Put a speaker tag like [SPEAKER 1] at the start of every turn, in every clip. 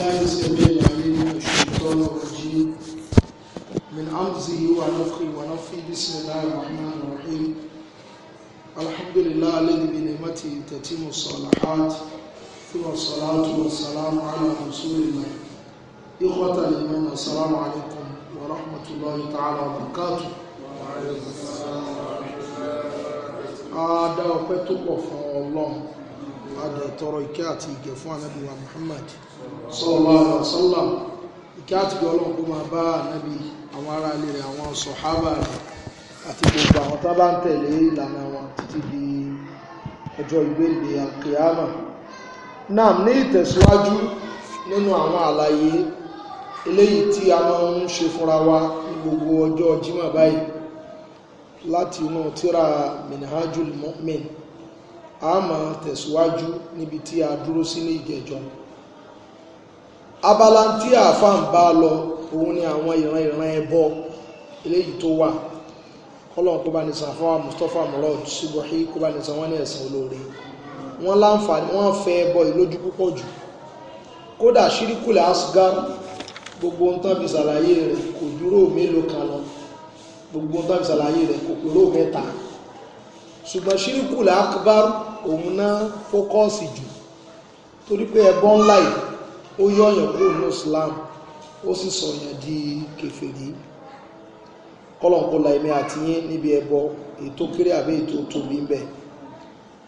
[SPEAKER 1] بالله السميع العليم الشيطان الرجيم من أمزه ونفخه ونفخه بسم الله الرحمن الرحيم الحمد لله الذي بنعمته تتم الصالحات ثم الصلاة والسلام على رسول الله إخوة الإيمان السلام عليكم ورحمة الله تعالى وبركاته وعليكم السلام ورحمة الله وبركاته أدعو الله هذا ترى كاتي جفوانا محمد sallallahu alaihi wasallam ìkẹ́ àtìgbẹ́ ọlọ́run kó máa bá ànábì àwọn ará ilé rẹ̀ àwọn sọ̀hábà rẹ̀ àti gbogbo àwọn tá bá ń tẹ̀lé ìlànà wọn títí di ọjọ́ ìgbéǹde àkèámà náà ní ìtẹ̀síwájú nínú àwọn àlàyé eléyìí láti inú tíra minhajul mu'min a máa tẹ̀síwájú níbi tí a dúró sí ní ìjẹjọ́ abala tí àáfàá ń bá lọ òun ni àwọn ìran ìran ẹbọ eléyìí tó wà kọlọ́n kó bá ní san fáwọn Mustapha Murad Subuhi kó bá ní san wọ́n ní ẹ̀sìn olóore wọ́n láǹfààní wọ́n fẹ́ ẹbọ ìlójú púpọ̀ jù kódà ṣíríkùlẹ̀ asgar gbogbo ohun tán fi ṣàlàyé rẹ̀ kò dúró mélòó kan lọ gbogbo ohun tán fi ṣàlàyé rẹ̀ kò pérò mẹ́ta ṣùgbọ́n ṣíríkùlẹ̀ akbar òun náà fókọ́ọ̀sì jù torí pé ẹbọ ńlá yìí ó yọ̀yàn kúrò ní Islam ó sì sọ̀yàn di kèfèrí kọ́lọ̀kọ́lá ẹ̀mí àti yín níbi ẹbọ ètò kéré àbí ètò tóbi ń bẹ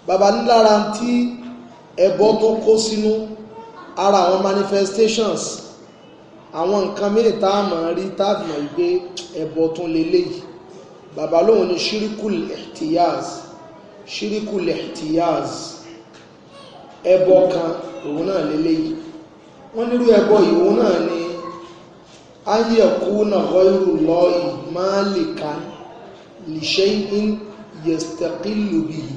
[SPEAKER 1] bàbá nílára tí ẹbọ tó kó sínú ara àwọn manifestations àwọn nǹkan mìíràn tá a mọ̀ rí tá a mọ̀ wípé ẹbọ tún leléyìí bàbá lóhun ni shirikul ihtiyaz shirikul ihtiyaz ẹbọ kan òun náà leléyìí wọ́n nírú ẹbọ ìwò náà ni ayẹ̀kú náà gọ́rù lọ́ì máa lè ká lìṣẹ́ in yẹ̀stẹ̀kìlù bí i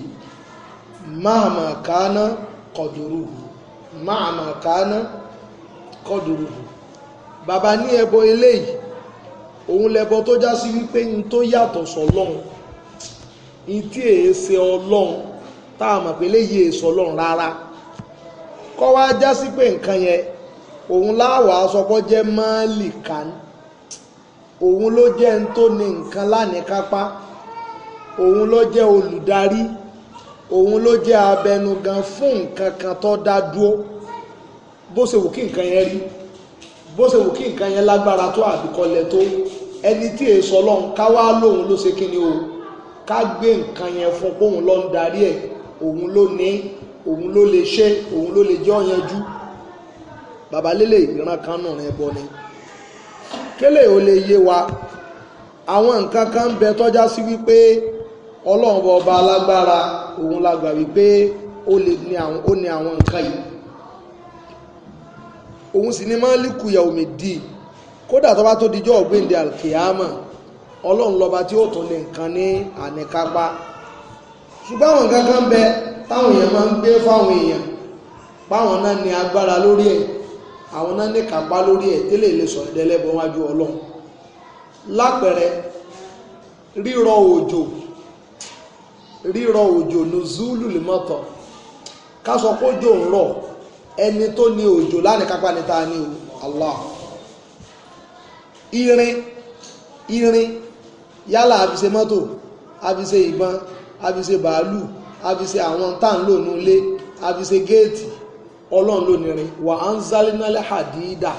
[SPEAKER 1] máa máa káná kọ̀dùrù máa máa káná kọ̀dùrù bàbá ní ẹbọ eléyìí òun lẹbọ tó já sí wípé n tó yàtọ̀ sọ́lọ́run n tí èé ṣe ọlọ́run táà mọ̀ pé léyìí èé rárá kọ́ wá já sí pé nǹkan yẹn òun láwàá sọpọ́ jẹ́ mọ́ọ̀lì kan òun ló jẹ́ ń tó ní nǹkan lánìkápá òun ló jẹ́ olùdarí òun ló jẹ́ abẹnugan fún nǹkan kan tó dá dúró bó ṣe wù kí nǹkan yẹn rí bó ṣe wù kí nǹkan yẹn lágbára tó àbíkọlẹ̀ tó ẹni tí èso ọlọ́run ká wá lóun ló ṣe kí ni o ká gbé nǹkan yẹn fún póun ló ń darí ẹ̀ òun ló ní òun ló lè ṣe òun ló lè jẹ́ ọ̀yanjú bàbá lélẹ̀ ìran kan nù rìn ẹbọ ni kélé ò lè yé wa àwọn nǹkan kan bẹ tọ́já sí wípé ọlọ́run ọba alágbára òun la gbà wípé ó lè ní àwọn nǹkan yìí òun sì ni máàlíkù yà omi dì kódà tó bá tó dijọ́ ọ̀gbẹ́ndẹ̀ alkiyama ọlọ́run lọ́ba tí ó tún lè nǹkan ní àníkápá ṣùgbọ́n àwọn nǹkan kan ń bẹ táwọn èèyàn máa ń gbé fáwọn èèyàn páwọn náà ní agbára lórí ẹ̀ àwọn náà ní kápá lórí ẹ̀ tẹ́lẹ̀ lè sọ ẹ̀dẹ́ lẹ́bọ̀ wájú ọlọ́run lápẹẹrẹ rírọ̀ òjò rírọ̀ òjò nùzúlù lè mọ́tọ̀ ká sọ pé òjò ń rọ̀ ẹni tó ní òjò lánìí kápá ní ta ni Allah irin irin yálà a fi ṣe a fi ṣe ìbọn a fi ṣe bàálù a fi ṣe àwọn tá à ń lò nílé a géètì ọlọ́run ló nírin wà á ń zálínálẹ̀ hadida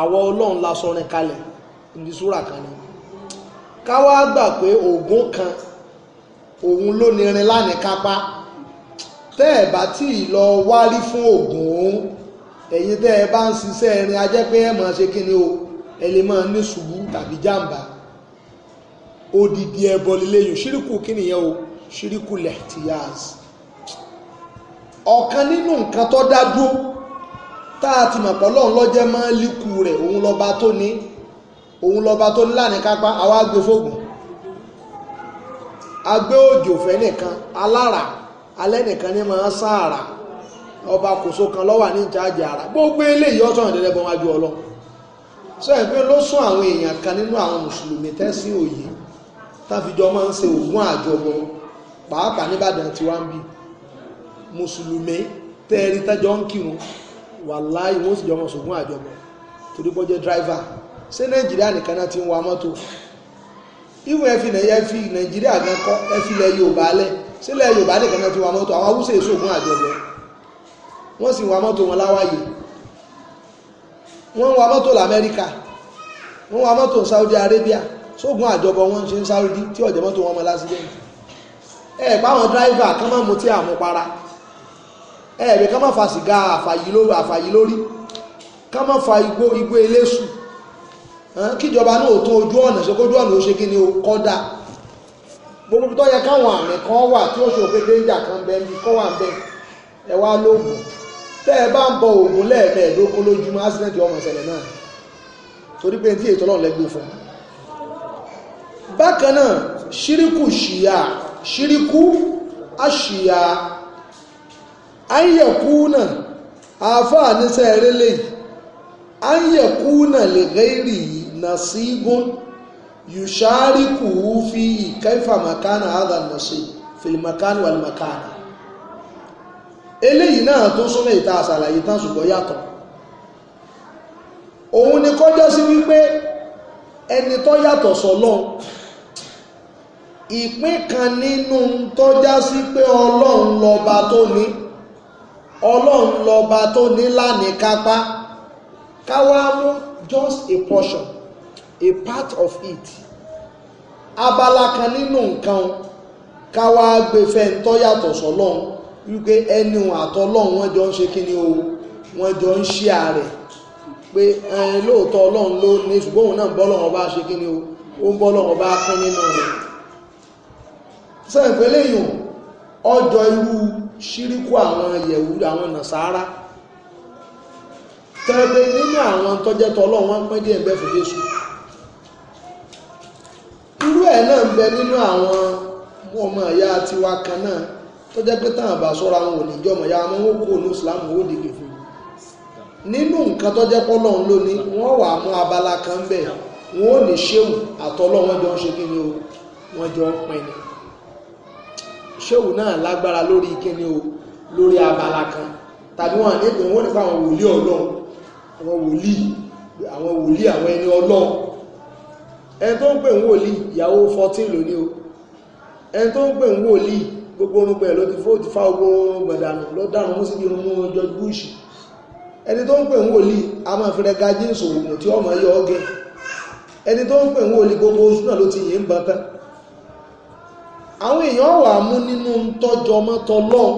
[SPEAKER 1] àwa ọlọ́run la sọrin kalẹ̀ ní súrà kan ni káwá gbà pé ògún kan òun ló nírin lánìí kápá tẹ́ ẹ̀ bá tí ì lọ wárí fún ògún òun ẹ̀yin tẹ́ ẹ bá ń ṣiṣẹ́ ẹrin ajẹ́ pé ẹ máa ṣe kíni o ẹ lè máa ní ṣubú tàbí jàǹbá odidi ẹbọ lílé ṣíríkù kíni yẹn o ṣíríkù lẹ́tíyàsì ọ̀kan nínú nǹkan tó dá dúró tá a ti mọ̀ pọ̀ lọ́run lọ́jẹ́ máa ń líkù rẹ̀ òun lọ́ba tó ní òun lọ́ba tó ní lánìí kápá àwa gbé fóògùn agbé òjò fẹ́ nìkan alára alẹ́ nìkan ní máa ń sáàrà ọba kòso kan lọ́wà ní ìjáàjì ara gbogbo eléyìí ọ̀tọ̀ ìdẹ́lẹ́bọ̀ wájú ọlọ́run sẹ́yìn pé ló sún àwọn èèyàn kan nínú àwọn mùsùlùmí tẹ́sí òye táfijọ́ máa ń ṣe ògùn àjọbọ pàápàá níbàdàn tí wá ń bíi mùsùlùmí tẹ́ẹ̀rí tájọ́ ń kírun wàláhì wọ́n sì jọmọ̀ ṣùgbọ́n àjọmọ̀ torí bọ́ jẹ́ dráìvà ṣé nàìjíríà nìkan náà ti ń wa mọ́tò ìwọ̀n ẹ̀fì nàìjíríà gan kọ́ ẹ̀fì ilẹ̀ yorùbá lẹ̀ ṣé ilẹ̀ yorùbá nìkan náà ti wa mọ́tò àwọn haúsá ìṣògùn àjọmọ̀ wọ́n sì wa mọ́tò wọn láwáyé wọ́n wa mọ́tò lamẹ́ríkà wọ́n wa mọ́tò saudi arabia ṣògùn àjọbọ wọn ṣe ń saudi tí ọ̀jẹ̀ mọ́tò wọn mọ́ lásìdẹ́ntì ẹ̀ pàwọn dráìvà kan máa mutí àmupara ẹ̀ẹ̀rẹ̀ ká má fa sìgá àfàyí lórí ká má fa igbó igbó eléṣù kíjọba náà tó ojú ọ̀nà ṣe kójú ọ̀nà ó ṣe kí ni ó kọ́dà gbogbo tó yẹ káwọn àrùn kan wà tí ó ṣe òpin déńjà kan bẹ́ẹ̀ ní kọ́ wà bẹ́ẹ̀ ẹ wá lóògùn tẹ́ ẹ bá ń bọ òògùn lẹ́ẹ̀mẹ́ẹ̀dógún lójúmọ́ accident ọmọ ìṣẹ̀lẹ̀ náà torí pé tí ètò ọlọ́run lẹ́gbẹ̀ẹ́ fún bákan náà ṣíríkù ṣìyà ṣíríkù àṣìyà anyẹ̀kúnà àáfàá níṣẹ́ eré léyìí anyẹ̀kúnà lè rẹ́rì nàṣígún yùṣáríkù fi ìkẹfà makana àdà nàṣí fìlìmakana wàlìmakana eléyìí náà tó súnmọ́ ìta àṣàlàyé tán ṣùgbọ́n yàtọ̀ òun ni kọjá sí wípé ẹni tó yàtọ̀ sọ́lọ́n ìpín kan nínú tọ́já sí pé ọlọ́run lọba tó ní ọlọ́run lọ́ba tó nílànà kápá káwá mú just a portion a part of it abala kan nínú nǹkan káwá gbé fẹ́ ń tọ́yàtọ̀ sọ́lọ́run wípé ẹni àtọ́lọ́run wọ́n jọ ń ṣe kí ni o wọ́n jọ ń ṣí ààrẹ̀ pé ẹni lóòótọ́ ọlọ́run ló ní ṣùgbọ́n òun náà bọ́lọ́run ọba ṣe kí o ó ń bọ́lọ́run ọba pín nínú rẹ̀ sẹ́yìn pé ọjọ́ irú ṣíríkù àwọn yẹ̀wù àwọn nàṣàárá tẹ́lẹ̀ nínú àwọn tọ́jẹ́ tọ́lọ́ wọn pẹ́ díẹ̀ bẹ́ẹ̀ fún Jésù irú ẹ̀ náà ń bẹ nínú àwọn ọmọ ìyá tiwa kan náà tó jẹ́ pé táwọn bá sọ́ra wọn ò ní jọ ọmọ ìyá wọn ó kó ní ìsìlámù ó dìgbì fún nínú nǹkan tó jẹ́ pọ́ lọ́hún lónìí wọ́n wà mú abala kan bẹ̀ wọ́n ò ní ṣéwù àtọ́lọ́ wọn jọ ń ṣe kí ni o wọ́n jọ ń pin ni ṣéwù náà lágbára lórí kíni o lórí abala kan tàbí wọn ní ìpín wọn nípa àwọn wòlíì ọlọ́run àwọn wòlíì àwọn wòlíì àwọn ẹni ọlọ́run ẹni tó ń pè ń wòlíì ìyàwó 14 lónìí o ẹni tó ń pè ń wòlíì gbogbo orun pẹ̀ ló ti fó ti fá ogbó orun gbẹ̀dànù ló dànù mú sí irun mú George Bush ẹni tó ń pè ń wòlíì a máa fi rẹga jíǹsì òògùn tí ọmọ yọ ọgẹ ẹni tó ń pè ń wòlíì gbogbo oṣù náà ló ti yìí ń bọ́n tán àwọn èèyàn wà mú nínú tọ́jọ mọ́tọ́ lọ́n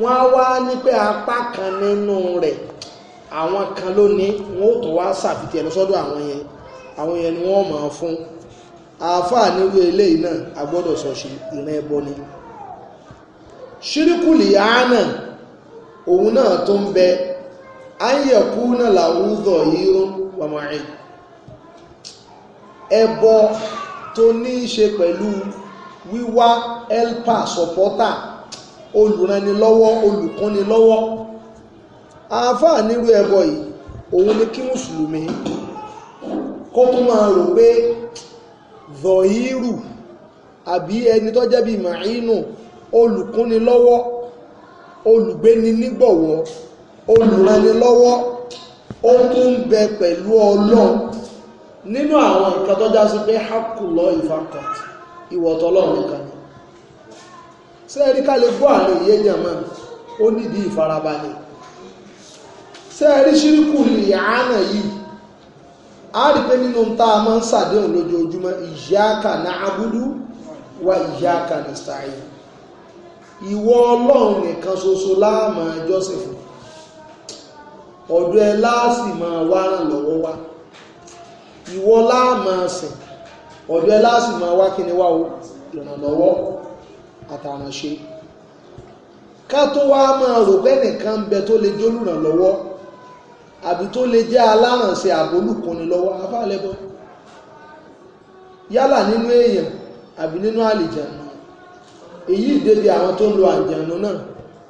[SPEAKER 1] wọ́n á wá ní pé apá kan nínú rẹ̀ àwọn kan ló wọ́n ó tó wá sàfitì ẹ̀ lọ́sọ́dọ̀ àwọn yẹn àwọn yẹn ni wọ́n máa fún àáfàá nírú eléyìí náà a gbọ́dọ̀ sọ ṣe ìran ẹbọ ni ṣíríkù lìyáánà òun náà tó ń bẹ ayẹ̀kú náà làwùzọ̀ yìí wàmọ̀rin ẹbọ tó ní í ṣe pẹ̀lú wíwá helper supporter olùrànilọ́wọ́ olùkúnnilọ́wọ́ àáfàá nírú ẹbọ yìí òun ni kí mùsùlùmí kó tún máa rò pé zọ̀hírù àbí ẹni tó jẹ́ bíi màínù olùkúnnilọ́wọ́ olùgbéni nígbọ̀wọ́ olùrànilọ́wọ́ ó tún ń bẹ pẹ̀lú ọlọ́run nínú àwọn nǹkan tó já sí pé hákùlọ ìfàkọ̀tì ìwọ̀tọ̀ ọlọ́run nìkan ni sẹ́ẹ̀rí ká lè gbọ́ àrẹ ìyẹ́yàn mọ́ ó nídìí ìfarabalẹ̀ sẹ́ẹ̀rí ṣíríkù lìyàánà yìí a rí pé nínú tá a máa ń sàdéhùn lójoojúmọ́ ìyáka na abúdú wa ìyáka na sta'in ìwọ ọlọ́run nìkan ṣoṣo láàmà joseph ọ̀dọ̀ ẹ láàsì máa wá ràn lọ́wọ́ wá ìwọ láàmà sìn ọ̀dọ̀ ẹ láàsì máa wá kí ni wá o ìrànlọ́wọ́ àtàrànṣe ká tó wá máa rò pé nìkan ń bẹ tó lè jólùrànlọ́wọ́ àbí tó lè jẹ́ alárànṣe àbólùkùnrin lọ́wọ́ afálẹ́bọ́ yálà nínú èèyàn àbí nínú àlìjànú èyí ìdébi àwọn tó ń lo àjànú náà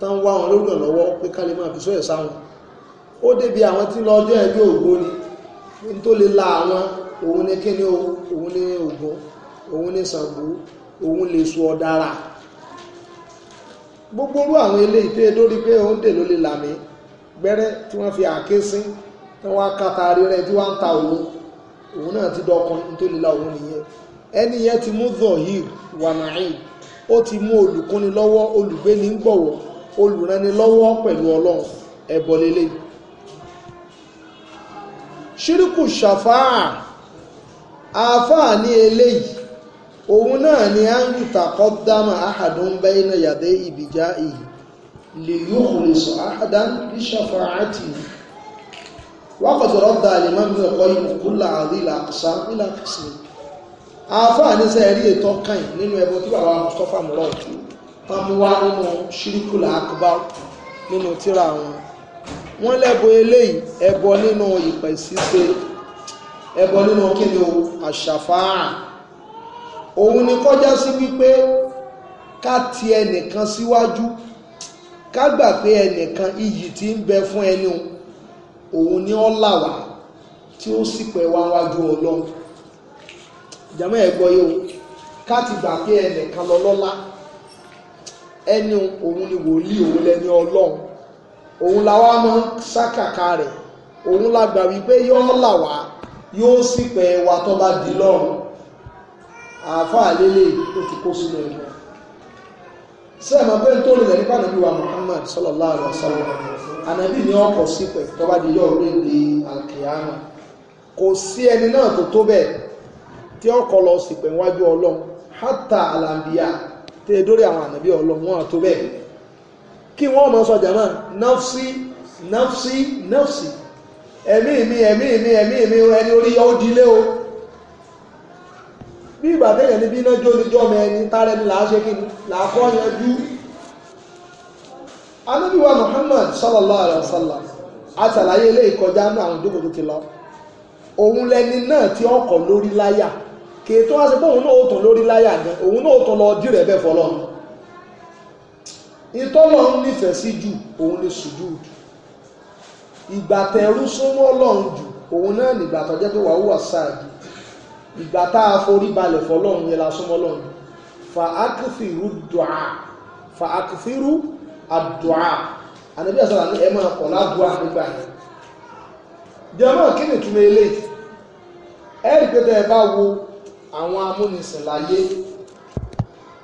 [SPEAKER 1] tán wá wọn lórùrànlọ́wọ́ pé ká lè máa fi sọ́yẹ̀ sáwọn ó débi àwọn tí lọ́jọ́ ẹgbẹ́ ògbóni ní tó lè la àwọn òun ni kíni òun ni Ògún òun ni Ṣàngó òun lè gbogbo orú àwọn ilé tó lórí pé òun dè ló lè là gbẹ́rẹ́ tí wọ́n fi àáké sí wọ́n tí wọ́n ta òun òun náà ti dọkan ntolila la òun nìyẹn ẹni ti mú zohir wanaim ó ti mú olùkúni lọ́wọ́ olùgbéni ń lọ́wọ́ pẹ̀lú ọlọ́run ẹ̀bọ̀ àáfàá ní eléyìí òun náà ni áńgù tàkọ́ dámà áhàdùn bẹ́ẹ̀nà yàdé ìbìjá ìyí lè yóò kùnrin sọ áhàdán bíṣọ̀fọ̀ àti wákàtí rọ́dà àlèmọ́ mi ọ̀kọ́ yìí kúlà àrí làkùsá nílàkùsí àáfàá ní sẹ́ rí ètò kàn nínú ẹbọ tí bàbá Mustapha mọ́rọ̀ wọn mú wá nínú ṣíríkùlà akbar nínú tíra wọn wọn lẹ́bọ eléyìí ẹbọ nínú ìpẹ̀síse ẹbọ nínú kíni o àṣàfáà òun ni kọjá sí wípé ká ti ẹnìkan síwájú ká gbà pé ẹnìkan iyì tí ń bẹ fún ẹni òun ni ó là tí ó sì pẹ̀ wá wájú ọlọ́run jàmọ́ ẹ̀ gbọ́ ká ti gbà pé ẹnìkan lọ lọ́lá ẹni òun ni wòlíì òun lẹni ọlọ́run òun làwa máa ń sákàkà rẹ̀ òun la gbà wípé yọ́ là wá yóò sì pẹ̀ wa tó bá di lọ́rùn àáfàá lélẹ̀ ó ti kó sínú ẹ̀mọ́ sẹ́ẹ̀mọ́ pé tó lè nípa nàbí wa Muhammad sallallahu alaihi wasallam ànàbí ni ọkọ̀ sí pẹ̀ tó bá di lọ́rùn léde alkiyama kò sí ẹni náà tó tó bẹ́ẹ̀ tí ọkọ̀ lọ sí pẹ̀ wájú ọlọ́run hátà alàmbíyà tẹ́ dórí àwọn ànàbí ọlọ́run wọn tó bẹ́ẹ̀ kí wọ́n mọ̀ sọ jàmá nafsi nafsi nafsi ẹ̀mí mi ẹ̀mí mi ẹ̀mí mi ẹni orí yọ ó di ilé o bí ìgbà téèyàn níbi iná jó ní jọ́mọ ẹni ni làá ṣe kí ni làá kọ́ yanjú anábíwá Muhammad sallallahu wa sallam àtàlàyé ilé ìkọjá náà ti lọ òun lẹni náà tí ọkọ̀ lórí láyà kèétọ́ wá sí pé òun náà ó tàn lórí láyà gan òun náà ó tàn lọ dìrẹ̀ bẹ́ẹ̀ fọlọ́run nífẹ̀ẹ́ sí jù òun lè ìgbà tẹ̀rú súnmọ́ ọlọ́run jù òun náà nígbà tó jẹ́ pé wàá wà sáàdì ìgbà tá a forí balẹ̀ fọlọ́run yẹn la súnmọ́ ọlọ́run jù fa akífìrú dùá fa akífìrú àdùá ànábì àsàlà ní ẹ máa pọ̀ ládùá nígbà yẹn jẹ́mọ́ kí ni túnmọ̀ ilé ẹ̀rí pé tẹ́ ẹ bá wo àwọn amúnisìn láyé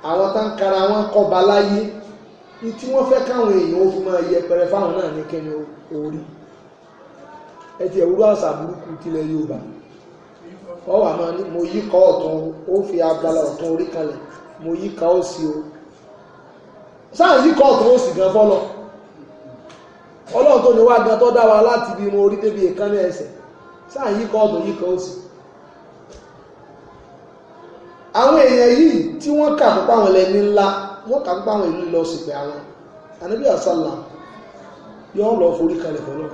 [SPEAKER 1] àwọn tá ń kara wọn kọba láyé ní tí wọ́n fẹ́ káwọn èèyàn ó fi máa yẹpẹrẹ fáwọn náà ní kẹ́ni orí ẹ ti ẹ̀wúrú àṣà burúkú tilẹ̀ Yorùbá ọ wà máa ní mo yí kọ́ ọ̀tún ó fi agbala ọ̀tún orí kalẹ̀ mo yí ká ó sí o sáà yí kọ́ ọ̀tún ó sì gan fọ́lọ́ ọlọ́run tó ní wá gan tó dá wa láti ibi irun orí débi èékánná ẹsẹ̀ sáà yí kọ́ ọ̀tún yí ká ó sí àwọn èèyàn yìí tí wọ́n kà púpọ̀ àwọn ẹlẹ́ni ńlá wọ́n kà púpọ̀ àwọn ìlú lọ sí pé àwọn ànábì àsálà yóò lọ forí kalẹ̀ fọlọ́run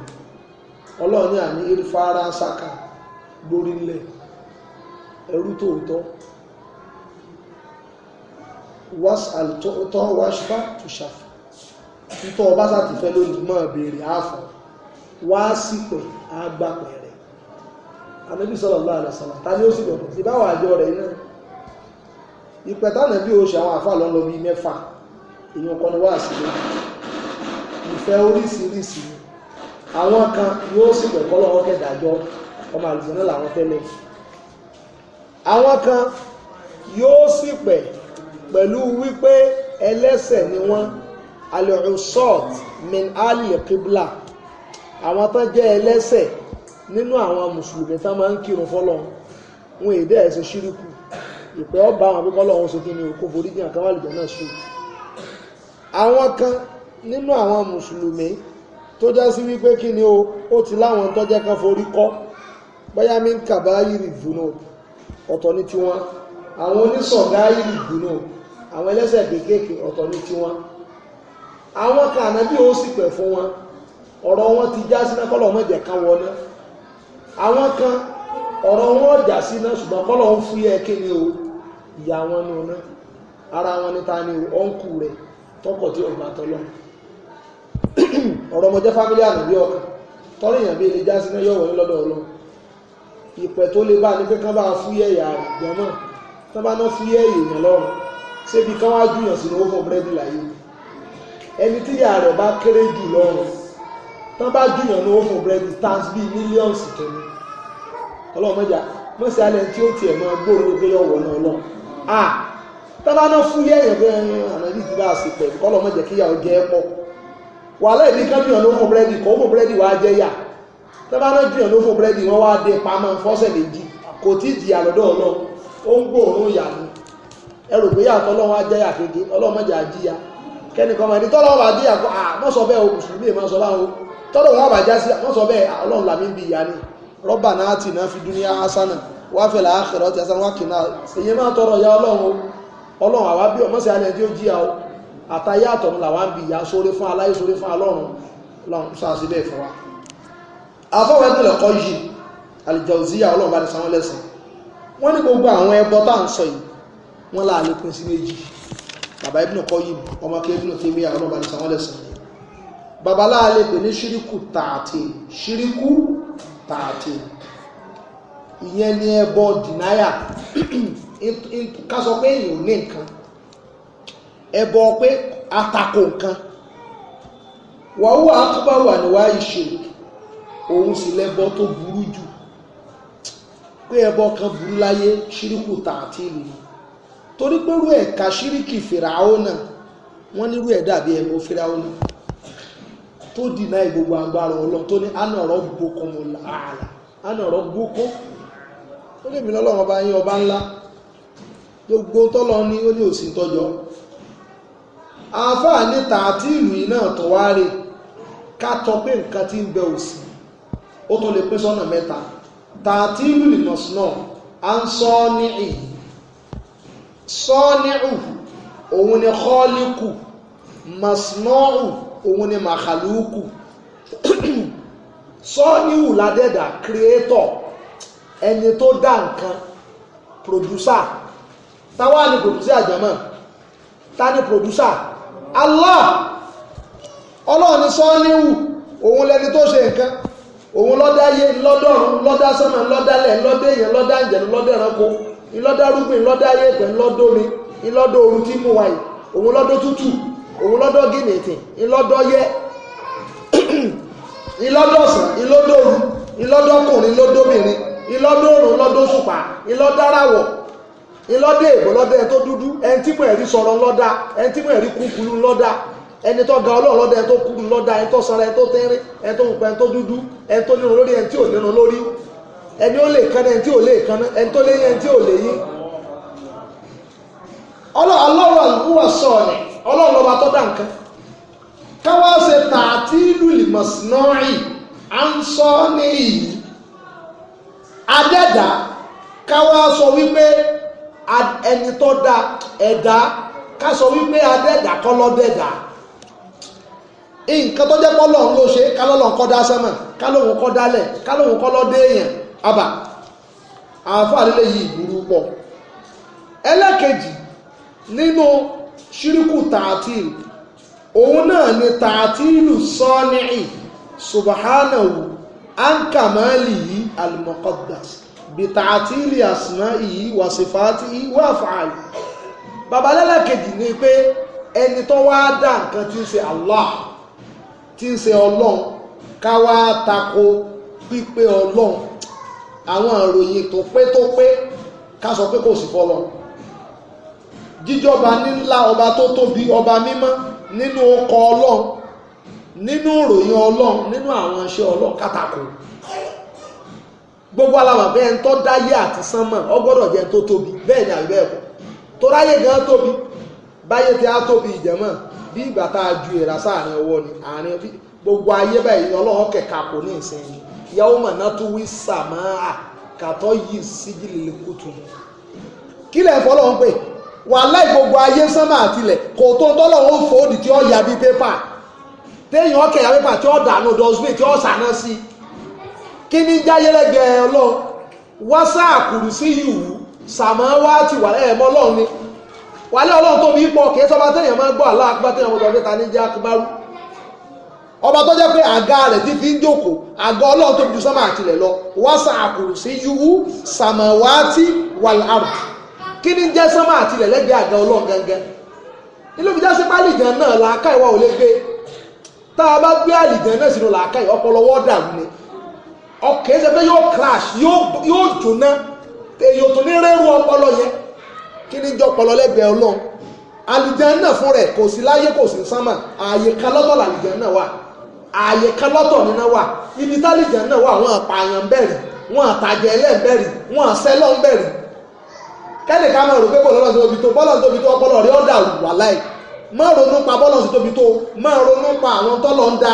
[SPEAKER 1] ọlọ́run ní àní irifara saka gbórílẹ̀ ẹrú tòótọ́ was àlùtọ́ wáṣfà tó ṣàfà títọ́ ọba sáti fẹ́ lónìí mọ́ béèrè àfọ̀ wá sípẹ̀ àgbàpẹ̀ rẹ̀ anábì sallallahu alaihi wasallam ta ni ó sì gbọ̀dọ̀ ìbáwọ̀ àjọ rẹ̀ náà ìpẹ̀tánà bí o ṣe àwọn àfà lọ́lọ́ bíi mẹ́fà èèyàn kan ni wá sílẹ̀ ìfẹ́ oríṣiríṣi ni àwọn kan yóò sì pẹ̀kọ́ lọ́wọ́ kẹdàjọ́ ọmọ àlùfẹ́ náà làwọn tẹ́lẹ̀ àwọn kan yóò sì pẹ̀ pẹ̀lú wípé ẹlẹ́sẹ̀ ni wọ́n alẹ́rùsọ́ọ̀t min ali kibla àwọn tán jẹ́ ẹlẹ́sẹ̀ nínú àwọn mùsùlùmí tán máa ń kírun fọ́lọ́ wọn èdè ẹ̀sẹ̀ ṣíríkù ìpẹ́ ọba àwọn akẹ́kọ̀ọ́ lọ́wọ́ sókè ní òkú foríjì àkáwàlùjẹ́ náà ṣe àwọn kan nínú àwọn mùsùlùmí tó já sí wípé kí ni o ó ti láwọn tó kan forí kọ́ bóyá mi ń kàbá yìrì dùnú ọ̀tọ̀ ní tiwọn àwọn onísọ̀gá yìrì dùnú àwọn ẹlẹ́sẹ̀ kéékèèké ọ̀tọ̀ ní tiwọn àwọn bí ó sì pẹ̀ fún wọn ọ̀rọ̀ wọn ti já àwọn kan ọ̀rọ̀ wọn ṣùgbọ́n ń ara wọn ni rẹ̀ tọkọ̀ tí ọ̀rọ̀ ọmọ jẹ́ fámílì ànàbí ọkà tọ́rọ èèyàn bí ilé já sí náà yọ̀wọ̀ ní lọ́dọ̀ ọlọ́run ìpẹ̀ tó lè bá ní pé kán bá fúyẹ́ ìyá rẹ̀ jọmọ́ tán bá ná fúyẹ́ èèyàn lọ́rùn sébi kán wá júyàn sínú owó fún búrẹ́dì láyé ẹni tí ìyá rẹ̀ bá kéré jù lọ́rùn tán bá júyàn ní owó fún búrẹ́dì times bíi mílíọ̀nsì tó ní ọlọ́run mẹ́jà mọ́ sí alẹ́ tí ó tiẹ̀ máa gbóòrò pé yọ̀wọ̀ náà lọ à bá ná fúyẹ́ èèyàn bẹ́ẹ̀ àná wàhálà ìní kan bíyàn ló fún búrẹ́dì kò mú búrẹ́dì wá jẹ́ yà tẹ́bá náà bíyàn ló fún búrẹ́dì wọ́n wá dé pamọ́ fọ́sẹ̀ méjì kò tí ì jìyà lọ́dọ̀ ọ̀nà ó ń gbòòrùn ìyà ni ẹrù pé yàtọ̀ ọlọ́run á jẹ́ yà kéde ọlọ́run mọ̀jà jìyà kẹ́nìkan mọ̀ ẹni tọ́lọ́run bá jìyà kó àmọ́ sọ bẹ́ẹ̀ o mùsùlùmí èèmọ́ sọ báwo tọ́lọ́run wà bá já sí àmọ́ sọ bẹ́ẹ̀ ọlọ́run làmí bí ìyá ni rọ́bà náà tì náà fi dúníyà hásánà wá fẹ̀lá àkẹrọ tí a wá kì èyí máa tọrọ ìyá ọlọ́run ọlọ́run àwa bí ọmọ sí alẹ́ tí ó jìyà o àtayé àtọ̀run làwọn bí ìyá sóre fún aláyé sóre fún alọ́run lọ́n sáàsì bẹ́ẹ̀ fún wa afọ́wọ́ ẹ̀tọ́ lẹ́kọ́ yìí àlìjọ̀zíyà ọlọ́run bá ní sanwó lẹ́sàn wọ́n ní gbogbo àwọn ẹbọ tá à ń sọ yìí wọ́n láà lè pín sí méjì bàbá ibùnú kọ́ yìí ọmọ kí ibùnú tí mìíràn ọlọ́run bá ní sanwó lẹ́sàn bàbá ìyẹn ní ẹbọ dìnáyà ká sọ ò ní nǹkan ẹbọ pé àtakò nǹkan wàhùwà akúbáwà ni wàá ìṣe òun sì lẹ́bọ tó burú jù pé ẹbọ kan torí ẹ̀ka ṣíríkì fìràwọ́ náà wọ́n nírú ẹ̀ dàbí ẹbọ fìràwọ́ náà tó dìnà gbogbo agbára ọlọ́run tó ní àná ọ̀rọ̀ gbókun mo làálà àná ó lè mi lọ́lọ́run ọba yín ọba ńlá gbogbo tọ́lọ ni ó ní òsì tọ́jọ́ àáfàá ní tààtí ìlú yìí náà tọ̀ wá rè ká tọ pé nǹkan tí ń bẹ òsì ó tó lè pín sọ́nà mẹ́ta tààtí ìlú nìmọ̀sí náà à ń sọ ní ì sọ ní ù òun ni kọ́ọ́líkù masnọ́ọ̀ù òun ni màkàlùkù sọ ní ù ládẹ́dà creator ẹni tó dá nǹkan producer táwa ni producer àjọmọ́ ta ni producer Allah ọlọ́run sọ́ọ́líwù òun lẹni tó ṣe nǹkan òun lọ́dá yé lọ́dọ̀run lọ́dá sánmà lọ́dálẹ̀ lọ́dá èèyàn lọ́dá ìjẹ̀nu lọ́dá ẹranko ìlọ́dá rúgbìn lọ́dá yé tí mú wáyé òun tútù òun gínìtì yẹ ìlọ́dẹ èbó lọ́dẹ tó dúdú ẹni tí mò ń rí sọ̀rọ̀ lọ́dà ẹni tí mò ń rí kúkúrú lọ́dà ẹni tó ga ọlọ́run lọ́dà ẹni tó kúrú lọ́dà ẹni tó sanra ẹni tó tẹ́rín ẹni tó pupa ẹni tó dúdú ẹni tó nírun lórí ẹni tí ò lórí ẹni ó lè ẹni tí ò lè ẹni tó ẹni tí ò sọ ẹni tó dá ẹ̀dá ká sọ wípé adẹ́dà kọ́ lọ́dẹ̀dà nǹkan tó jẹ́ pọ́lọ̀ ń ló ṣe kálọ́lọ́ kọ́ dá sánmà kálóhùn kọ́ dálẹ̀ kálóhùn kọ́ lọ́dẹ èèyàn abà àáfàá líle yìí burú pọ̀ ẹlẹ́kejì nínú ṣíríkù tààtìl òun náà ni tààtìlù sọ́ọ́nì subhanahu ankamali alimọ́kọ́dàsì bìtàtìlì àsìná ìyí wàsífàátì ìwé àfààlì babalẹ́lá kejì ni pé ẹni tó wá dá nǹkan tí ń ṣe Allah tí ń ṣe ọlọ́run ká wá tako pípé ọlọ́run àwọn ìròyìn tó pé tó pé ká sọ pé kò sí fọlọ́ jíjọba nílá ọba tó tóbi ọba mímọ́ nínú ọkọ̀ ọlọ́run nínú ìròyìn ọlọ́run nínú àwọn iṣẹ́ ọlọ́run ká gbogbo aláwọ̀ bẹ́ẹ̀ ń dáyé àti sánmọ̀ ọgbọ́dọ̀ jẹ tó tóbi bẹ́ẹ̀ ni àbí bẹ́ẹ̀ tó ráyè gan tóbi báyé a tóbi bí ìgbà tá a ju ìrà sáàrin ọwọ ni àárín gbogbo ayé báyìí ọlọ́run kẹ̀ka kò ní ìsinmi yàwó wí sàmà yìí kí ayé sánmà kò tó tí ó yà bí pépà téèyàn kẹ̀yà pépà tí ó dànù tí ó kí ní jáyé lẹ́gbẹ̀ẹ́ ọlọ́run wáṣà kùrù sí ìhù sàmọ́ wá ti wà ẹ̀mọ́ ọlọ́run ni wàlẹ́ ọlọ́run tó bí pọ̀ kìí sọba tẹ́yàn máa ń gbọ́ àlá àkúbá tẹ́yàn mọ́tò ọdún ta ní jẹ́ akúbárú bá gbé àlìjàn náà sínú làákà ì ọkẹ́ ṣe pé yóò crash yóò jóná èyàn tó ní rẹ́rù ọpọlọ yẹn kí ni jọ ọpọlọ lẹ́gbẹ̀ẹ́ ọlọ́run àlìjánnà fún rẹ̀ kò sí láyé kò sí sánmà ààyè kan lọ́tọ̀ làlìjánnà wà ààyè kan lọ́tọ̀ nínú wà ibi tálìjánnà wà wọ́n àpààyàn bẹ̀rẹ̀ wọ́n àtàjẹ ẹlẹ́ẹ̀bẹ̀rẹ̀ wọ́n àṣẹlọ́ ń bẹ̀rẹ̀ kẹ́lẹ̀ ká máa rò pé bọ́ọ̀lọ́ sí tóbi tó bọ́ọ̀lọ́ sí tóbi tó ọpọlọ rẹ̀ ọ̀dà wà láì má ronú pa bọ́ọ̀lọ́ sí tóbi tó má ronú pa àwọn tọ́lọ́ ń da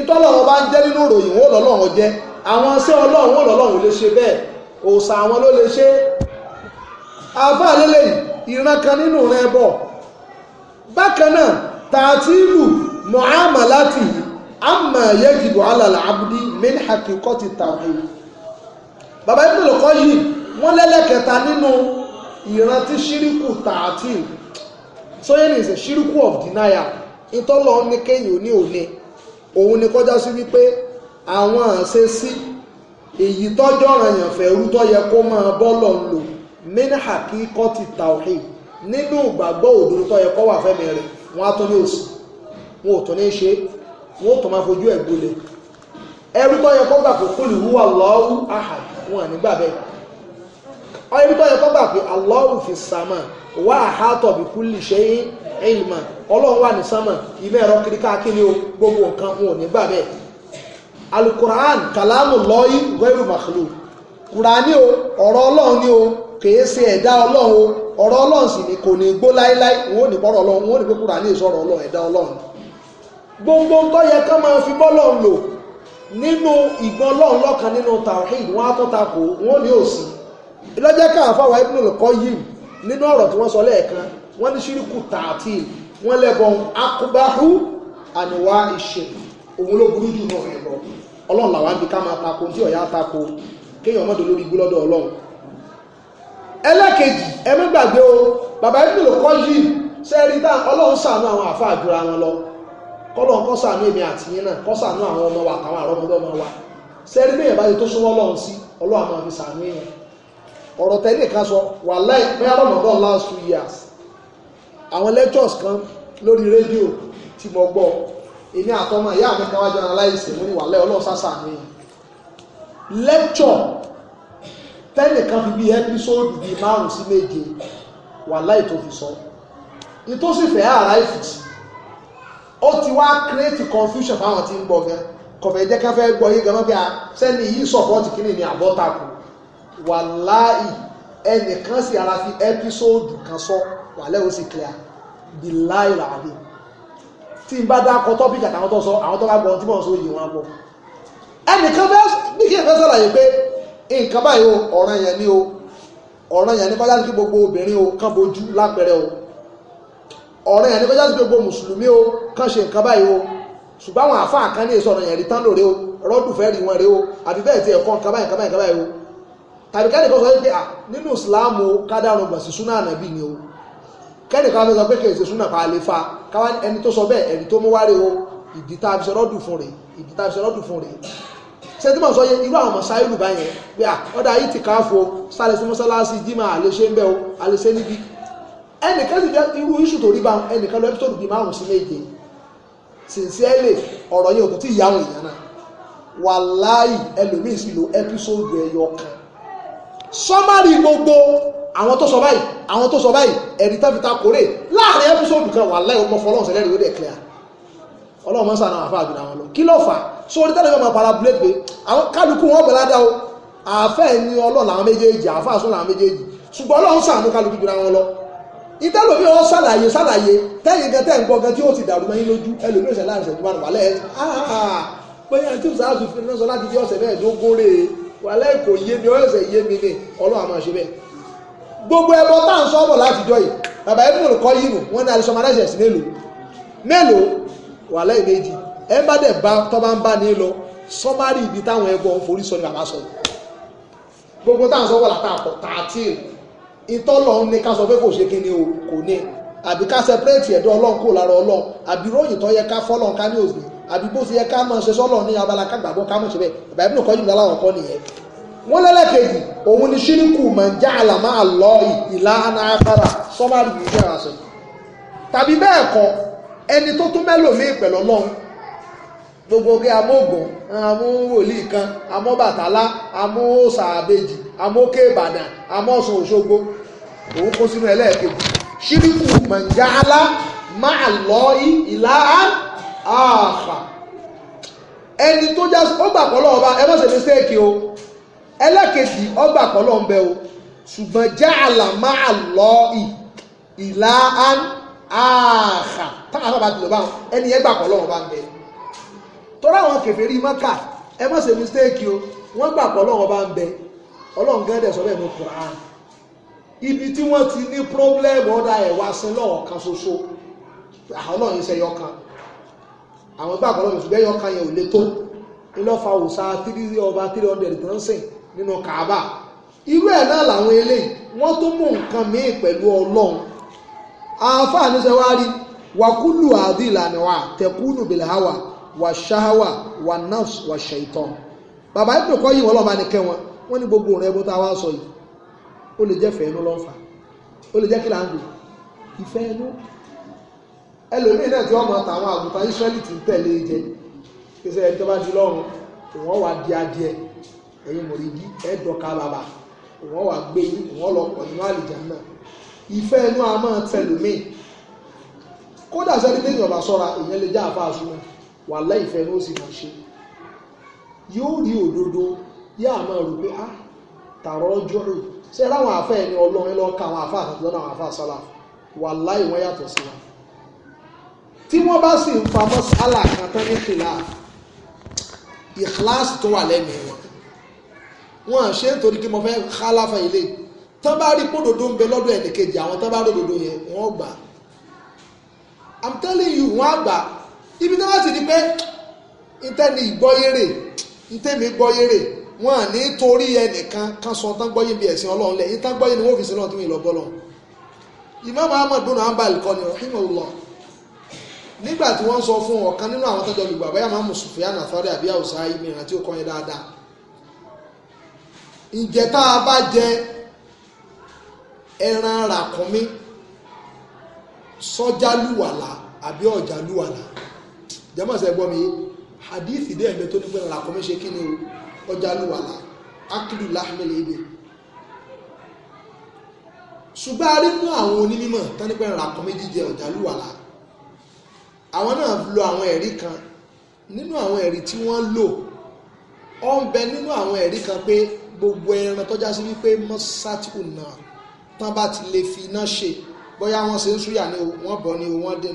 [SPEAKER 1] ìtọ́lọ́run bá ń jẹ́ nínú ìròyìn wọn lọ́lọ́run jẹ́ àwọn iṣẹ́ ọlọ́run wọn lọ́lọ́run lè ṣe bẹ́ẹ̀ òòṣà àwọn ló lè ṣe àfáà lélẹ̀ ìran kan nínú rẹ bọ̀ bákan náà tààtìlù mọ̀hámàlátì àmà yẹ́gìdò alàlà abdi min hakikọ́ti tawhid bàbá Ibn Qayyim wọ́n lẹ́lẹ́kẹta nínú ìran tí ṣíríkù tààtìlù sọ́yẹ́nì ìṣẹ̀ ṣíríkù of denial ìtọ́lọ́ ní kéyìn òní òní òun ni kọjá sí wípé àwọn àṣẹ sí èyí tọ́jọ́ ọ̀ranyàn fẹ̀rú tó yẹ kó máa bọ́lọ̀ ń lò nínú àkíkọ́ ti tawhid nínú ìgbàgbọ́ òdodo tó yẹ kó wà fẹ́mi rẹ̀ wọ́n á tún ní òsì wọn ò tún ní ṣe wọn ò tún máa fojú ẹ̀ gbolẹ̀ ẹrú tó yẹ kó gbà pé kul huwa Allahu ahad wọn à nígbà bẹ́ẹ̀ ẹrú tó yẹ kó gbà pé Allah fi sàmà wà àhátọ̀ bí kú lè ṣe é ìlmà ọlọ́run wà ní sàmà ìmọ̀ ẹ̀rọ kiri káàkiri o gbogbo nǹkan wọn ò ní gbà bẹ́ẹ̀ alukur'an kàlámù lọ́yí gẹ́rù màkìlú o ọ̀rọ̀ ọlọ́run ni o kìí ṣe ẹ̀dá o ọ̀rọ̀ ọlọ́run sì ni kò ní gbó láíláí wọn ò ní bọ́rọ̀ ọlọ́run wọn ò ní pé kùránì ìsọ̀rọ̀ ọlọ́run ẹ̀dá ọlọ́run gbogbo ń tó yẹ ká máa fi bọ́lọ́run lò nínú ìgbọ́n ọlọ́run lọ́kan nínú tawhid wọn á tó takò wọn ní òsì lọ́jọ́ káà fáwọn ibùdó lọ́kọ́ yìí nínú ọ̀rọ̀ tí wọ́n sọ lẹ́ẹ̀kan wọ́n ní ṣíríkù tààtì wọ́n lẹ́bọn akúbáhú àníwá ìṣèlú òun ló burú jù náà ẹ̀rọ ọlọ́run làwọn àbí ká máa tako tí ọ̀yá tako kéèyàn o bàbá ìpínlẹ̀ kọ́jú sẹ́ẹ̀rí tá ọlọ́run ṣàánú àwọn àfa àjùra wọn lọ kọ́lọ́n kọ́ ṣàánú èmi àtìyín náà kọ́ ṣàánú àwọn ọmọ wa àtàwọn àrọ́mọdọ́mọ wa sẹ́ẹ̀rí bẹ́ẹ̀ bá ti tó súnmọ́ ọ̀rọ̀ tẹ́lẹ̀ kan sọ wà láì bẹ́ẹ̀ rọ̀mọ́dọ́ last two years àwọn lectures kan lórí rédíò tí mo gbọ́ èmi àtọmọ ìyá mi kan wájú analyze mo ní wà láì ọlọ́sàsà mi lecture tẹ́lẹ̀ kan fi bí episode bíi márùn sí méje wà láì tó fi sọ ìtòsífẹ́ àrà ìfìsì ó ti wá create confusion fáwọn tí ń gbọ́ gan kọ̀fẹ́ jẹ́ ká fẹ́ gbọ́ yí gan mọ́ pé a sẹ́ni yìí support kí ni àbọ́tàkùn wàláì ẹnìkan sì ara fi ẹ́písòdù kan sọ wàlẹ́ ó sì clear bí láì làálì tí n bá dákọ tọ́pìkì àtàwọn tó sọ àwọn tó bá gbọ́ tí mò ń sọ yìí wọn gbọ́ ẹnìkan fẹ́ bí kí n fẹ́ sàlàyé pé nǹkan báyìí o ọ̀ràn yẹn ni o ọ̀ràn yẹn ni kọjá sí gbogbo obìnrin o kán bojú lápẹẹrẹ o ọ̀ràn yẹn ni kọjá sí gbogbo mùsùlùmí o kán ṣe nǹkan báyìí o ṣùgbọ́n àwọn àfáà kan ní èso ọ̀ràn yẹn rí tán lóore o rọ́dù fẹ́ rí wọn rí o àbí bẹ́ẹ̀ ti ẹ̀kọ́ nǹkan báyìí nǹkan báyìí nǹkan báyìí o tàbí kẹ́nìkan sọ pé à ah, nínú islam o gbà sí súnà ànábì ni o kẹ́nìkan sọ pé kèsì súnà pa àlè fa káwá ẹni tó sọ bẹ́ẹ̀ ẹni tó mú wárí o ìdí tá a fi sọlọ́dún fún rè ìdí tá a fi sọlọ́dún fún rè ṣé tí mo sọ yẹ irú àwọn mọ̀sáìlù bá yẹn pé à ah, ọ̀dà yìí ti káfo sálẹ̀ sí mọ́sálásí jimá àlè ṣe ń bẹ́ o àlè ṣe wàláì ẹlòmíì sì lo ẹ́písọ́dù sọ́márì gbogbo àwọn tó sọ báyìí àwọn tó sọ báyìí ẹ̀rí tán fi ta kórè láàrin ẹ́písòdù kan wà láì ọmọ fọlọ́run sẹ́lẹ̀ lórí ẹ̀kẹ́ ọlọ́run mọ́sán àwọn àfáà àdúrà wọn lọ kí ló fà so orí tẹ́lẹ̀ máa para bulé pé àwọn kálukú wọn bẹ̀rẹ̀ dá o àfẹ́ ẹni ọlọ́run àwọn méjèèjì àfáà sún àwọn méjèèjì ṣùgbọ́n ọlọ́run sàánú kálukú jura wọn lọ ìtẹ́lómi wọn ṣàlàyé ṣàlàyé tẹ́yìn gan tẹ́ ń gbọ́ gan tí ó ti dàrú mẹ́yìn lójú ẹlòmíràn ìṣẹ̀lẹ̀ àrẹ̀ṣẹ̀ tó bá wà lẹ́ẹ̀ wàhálà èkó yé mi ọ̀rẹ́sẹ̀ yé mi ni ọlọ́run àmọ́ ṣe bẹ́ẹ̀ gbogbo ẹbọ tá à ń sọ́bọ̀ látijọ́ yìí bàbá ẹbí mò ń kọ́ yìí nù wọ́n ní alisọ́mọ aláṣẹ sí mélòó mélòó wàhálà ìbejì ẹ bá dẹ̀ bá tọ́ bá ń bá ní lọ sọ́márì ibi táwọn ẹbọ forí sọ ni bàbá sọ gbogbo tá à ń sọ́bọ̀ látàkọ̀ tààtì ìtọ́lọ́ ní ká sọ pé kò ṣe kí ni o kò ní àbí ká sẹpẹrẹtì ẹ̀dọ̀ ọlọ́run kó lára ọlọ́run àbí ròyìn tó yẹ ká fọ́lọ́run ká ní òbí àbí bó ṣe yẹ ká máa ṣe sọ́lọ̀ ní abala ká gbàgbọ́ ká mọ̀ ṣe bẹ́ẹ̀ bàbá ìbùnú kọ́jú ìdá láwọn kọ́ nìyẹn. wọ́n lẹ́lẹ́kejì òun ni ṣíríkù máa ń já àlàmá àlọ́ ìlà anáfàrà sọ́márì yìí ní àṣẹ. tàbí bẹ́ẹ̀ kọ́ ẹni tó tún mẹ́lò mí pẹ̀lú ọlọ́run gbogbo kí amóògùn amówòlì kan amóbàtálá amósàbèjì amókè ìbàdàn òṣogbo òun kó sínú ẹlẹ́ẹ̀kejì Shiriku mọ̀jálá máa lọ ìlà àhà ẹni tó já ó gbà pọ̀ ẹ má ṣe mistake o ẹlẹ́kejì ó gbà pọ̀ lọ́wọ́ bẹ́ẹ̀ o ṣùgbọ́n jáàlà máa lọ ìlà àhà táwọn àbábá ti lọ bá wọn ẹni yẹn gbà pọ̀ ń bẹ tọ́lá àwọn kèfèrí mọ́kà ẹ má ṣe mistake o wọ́n gbà pọ̀ lọ́wọ́ bá ń bẹ ọlọ́run sọ bẹ́ẹ̀ ní Kùránì ibi tí wọ́n ti ní pírọ́blẹ́mù ọ̀dà ẹ̀wà sí lọ́wọ́ kan ṣoṣo àwọn yìí ṣe yọkan àwọn gbàgbọ́ lọ́wọ́ ṣùgbẹ́ yọkan yẹn ò lè tó ńlọ́fà òòsà three over three hundred tó ń sìn nínú kàábà irú ẹ̀ náà làwọn eléyìí wọ́n tó mú nǹkan míì pẹ̀lú ọlọ́run àáfàá ní sẹ́wárí wàkúlù àdí ìlànà wa tẹ̀kúnù bìlàwà wà ṣáháwà wà náà wà ṣèitán bàbá ìpínlẹ̀ kọ́ yìí wọ́n lọ́ọ́ bá ní kẹ́ wọn wọ́n ní gbogbo rẹ̀ bó tá a wá sọ yìí ó lè jẹ́ fẹ̀ẹ́nú lọ́nfà ó lè jẹ́ kí láàbì ìfẹ́ẹ́nú ẹlòmíì náà tí wọ́n mọ̀ tàwọn àgùntàn Ísírẹ́lì ti ń tẹ̀lé e jẹ kíṣẹ́ ẹni tó bá di lọ́rùn wọ́n wá di adìẹ ẹ̀yin mọ̀rìndí ẹ̀ẹ́dọ̀ka bàbà wọ́n wá gbé yín wọ́n lọ pọ̀ nínú àlìjá náà ìfẹ́ ẹnu a máa tẹlòmíì kódà sẹ́ni tẹ́yìn ọ̀bà sọ́ra èèyàn lè já àfa àsúná wà láìfẹ́ ní ṣé láwọn àfẹ́ ẹni ọlọ́run ẹ lọ ka àwọn àfẹ́ àtàtà lọ́nà àwọn àfẹ́ àsọ́lá wàláhì wọ́n yàtọ̀ sí wọn tí wọ́n bá sì ń fa mọ́sálà kan tán ní kìlá ìkíláàsì tó wà lẹ́mìí wọn wọn à ṣe é kí mo fẹ́ kálàfà ilé tán bá rí pódòdó ń bẹ lọ́dọ̀ ẹnì kejì àwọn tán bá rí òdòdó yẹn wọ́n gbà i'm telling you wọ́n á gbà ibi tí wọ́n ti di pé ntẹ́ni ìgbọ́yéré ntẹ́mi gbọ́yéré wọn à ní torí ẹnìkan kan sọ bí ẹ̀sìn ọlọ́run lẹ̀ yìí ni wọ́n fi sin lọ́run tó yìn lọ́bọ́ lọ́run ni ni rahimahullah nígbà wọ́n sọ fún ọ̀kan nínú àwọn tọ́jọ́ gbogbo máa àbí àwùsá ó yẹn dáadáa ǹjẹ́ tá a bá jẹ ẹran ràkúnmí sọ́jà lùwàlà àbí ọjà lùwàlà akílù láhmìlì ibè ṣùgbọ́n a rí mú àwọn onímọ̀ tánípẹ́ ra kan méjì jẹ ọjà lùwàlà àwọn náà lo àwọn ẹ̀rí kan nínú àwọn ẹ̀rí tí wọ́n lò ó ń bẹ nínú àwọn ẹ̀rí kan pé gbogbo ẹran tọ́já sí wípé mọ́sátìkù náà tán bá ti lè fi iná ṣe bóyá wọ́n ṣe ń súyà ni wọ́n bọ̀ ni wọ́n dé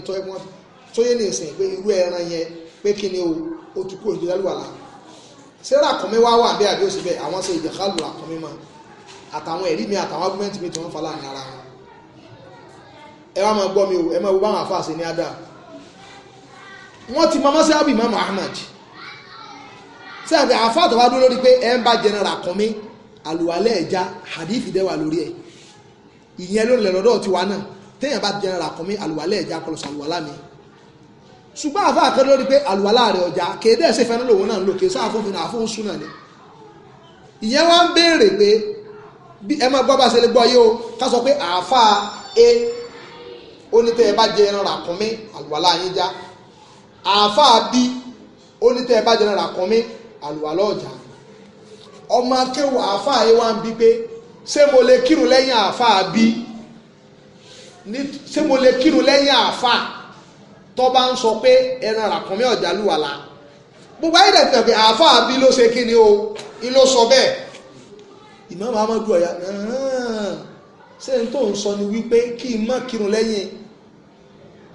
[SPEAKER 1] tó yé ní ìsìn pé irú ẹran yẹn pé kí ni o ó ti kúrò ìdílé lùwàlà ṣé ràkúnmí wá wà bí àbí òsì bẹ́ẹ̀ àwọn ṣe ìdẹ̀kálù ràkúnmí mọ́ àtàwọn ẹ̀rí mi àtàwọn argument mi tí wọ́n fa láàrin ara wọn ẹ wá máa gbọ́ mi o ẹ máa wo báwọn àfa ṣe ní adá wọ́n ti mọ mọ́sí àbí mọ́mọ́ Ahmad ṣé àbí àfa àtàwọn adúló lórí pé ẹ ń bá jẹran ràkúnmí àlùwalẹ̀ ẹja hadith dẹ́wà lórí ẹ̀ ìyẹn ló lẹ̀ lọ́dọ̀ tiwa náà téèyàn bá jẹran ràkúnmí àlùwalẹ̀ ẹja kọlọ̀ṣàlùwalá mi ṣùgbọ́n àfa àkàn lórí pé àlùwàlá rẹ̀ ọ̀já kéde ẹ̀sẹ̀ fẹ́ lòun náà ń lò kéde sáà fúnfin àfún súnà ni ìyẹn wá ń béèrè pé ẹ máa gbọ́ bá ṣe lè gbọ́ yé ká sọ pé àáfà e ó ní tẹ́ ẹ bá jẹ ẹran ràkúnmí àlùwàlá yín já àáfà b ó ní tẹ́ ẹ bá jẹ ẹran ràkúnmí àlùwàlá ọ̀já ọmọ akéwà àáfà e wá ń bi pé ṣé mo lè kírun lẹ́yìn àáfà b ṣé mo lè kírun lẹ́yìn àáfà tó bá ń sọ pé ẹran ràkúnmí ọ̀já lù wàlà gbogbo ayé dẹ̀ fi hàn pé àáfàá bí ló ṣe kí ni o ni ló sọ bẹ́ẹ̀ Imam Ahmadu ọ̀yà ṣé n tó ń sọ ni wípé kí n má kírun lẹ́yìn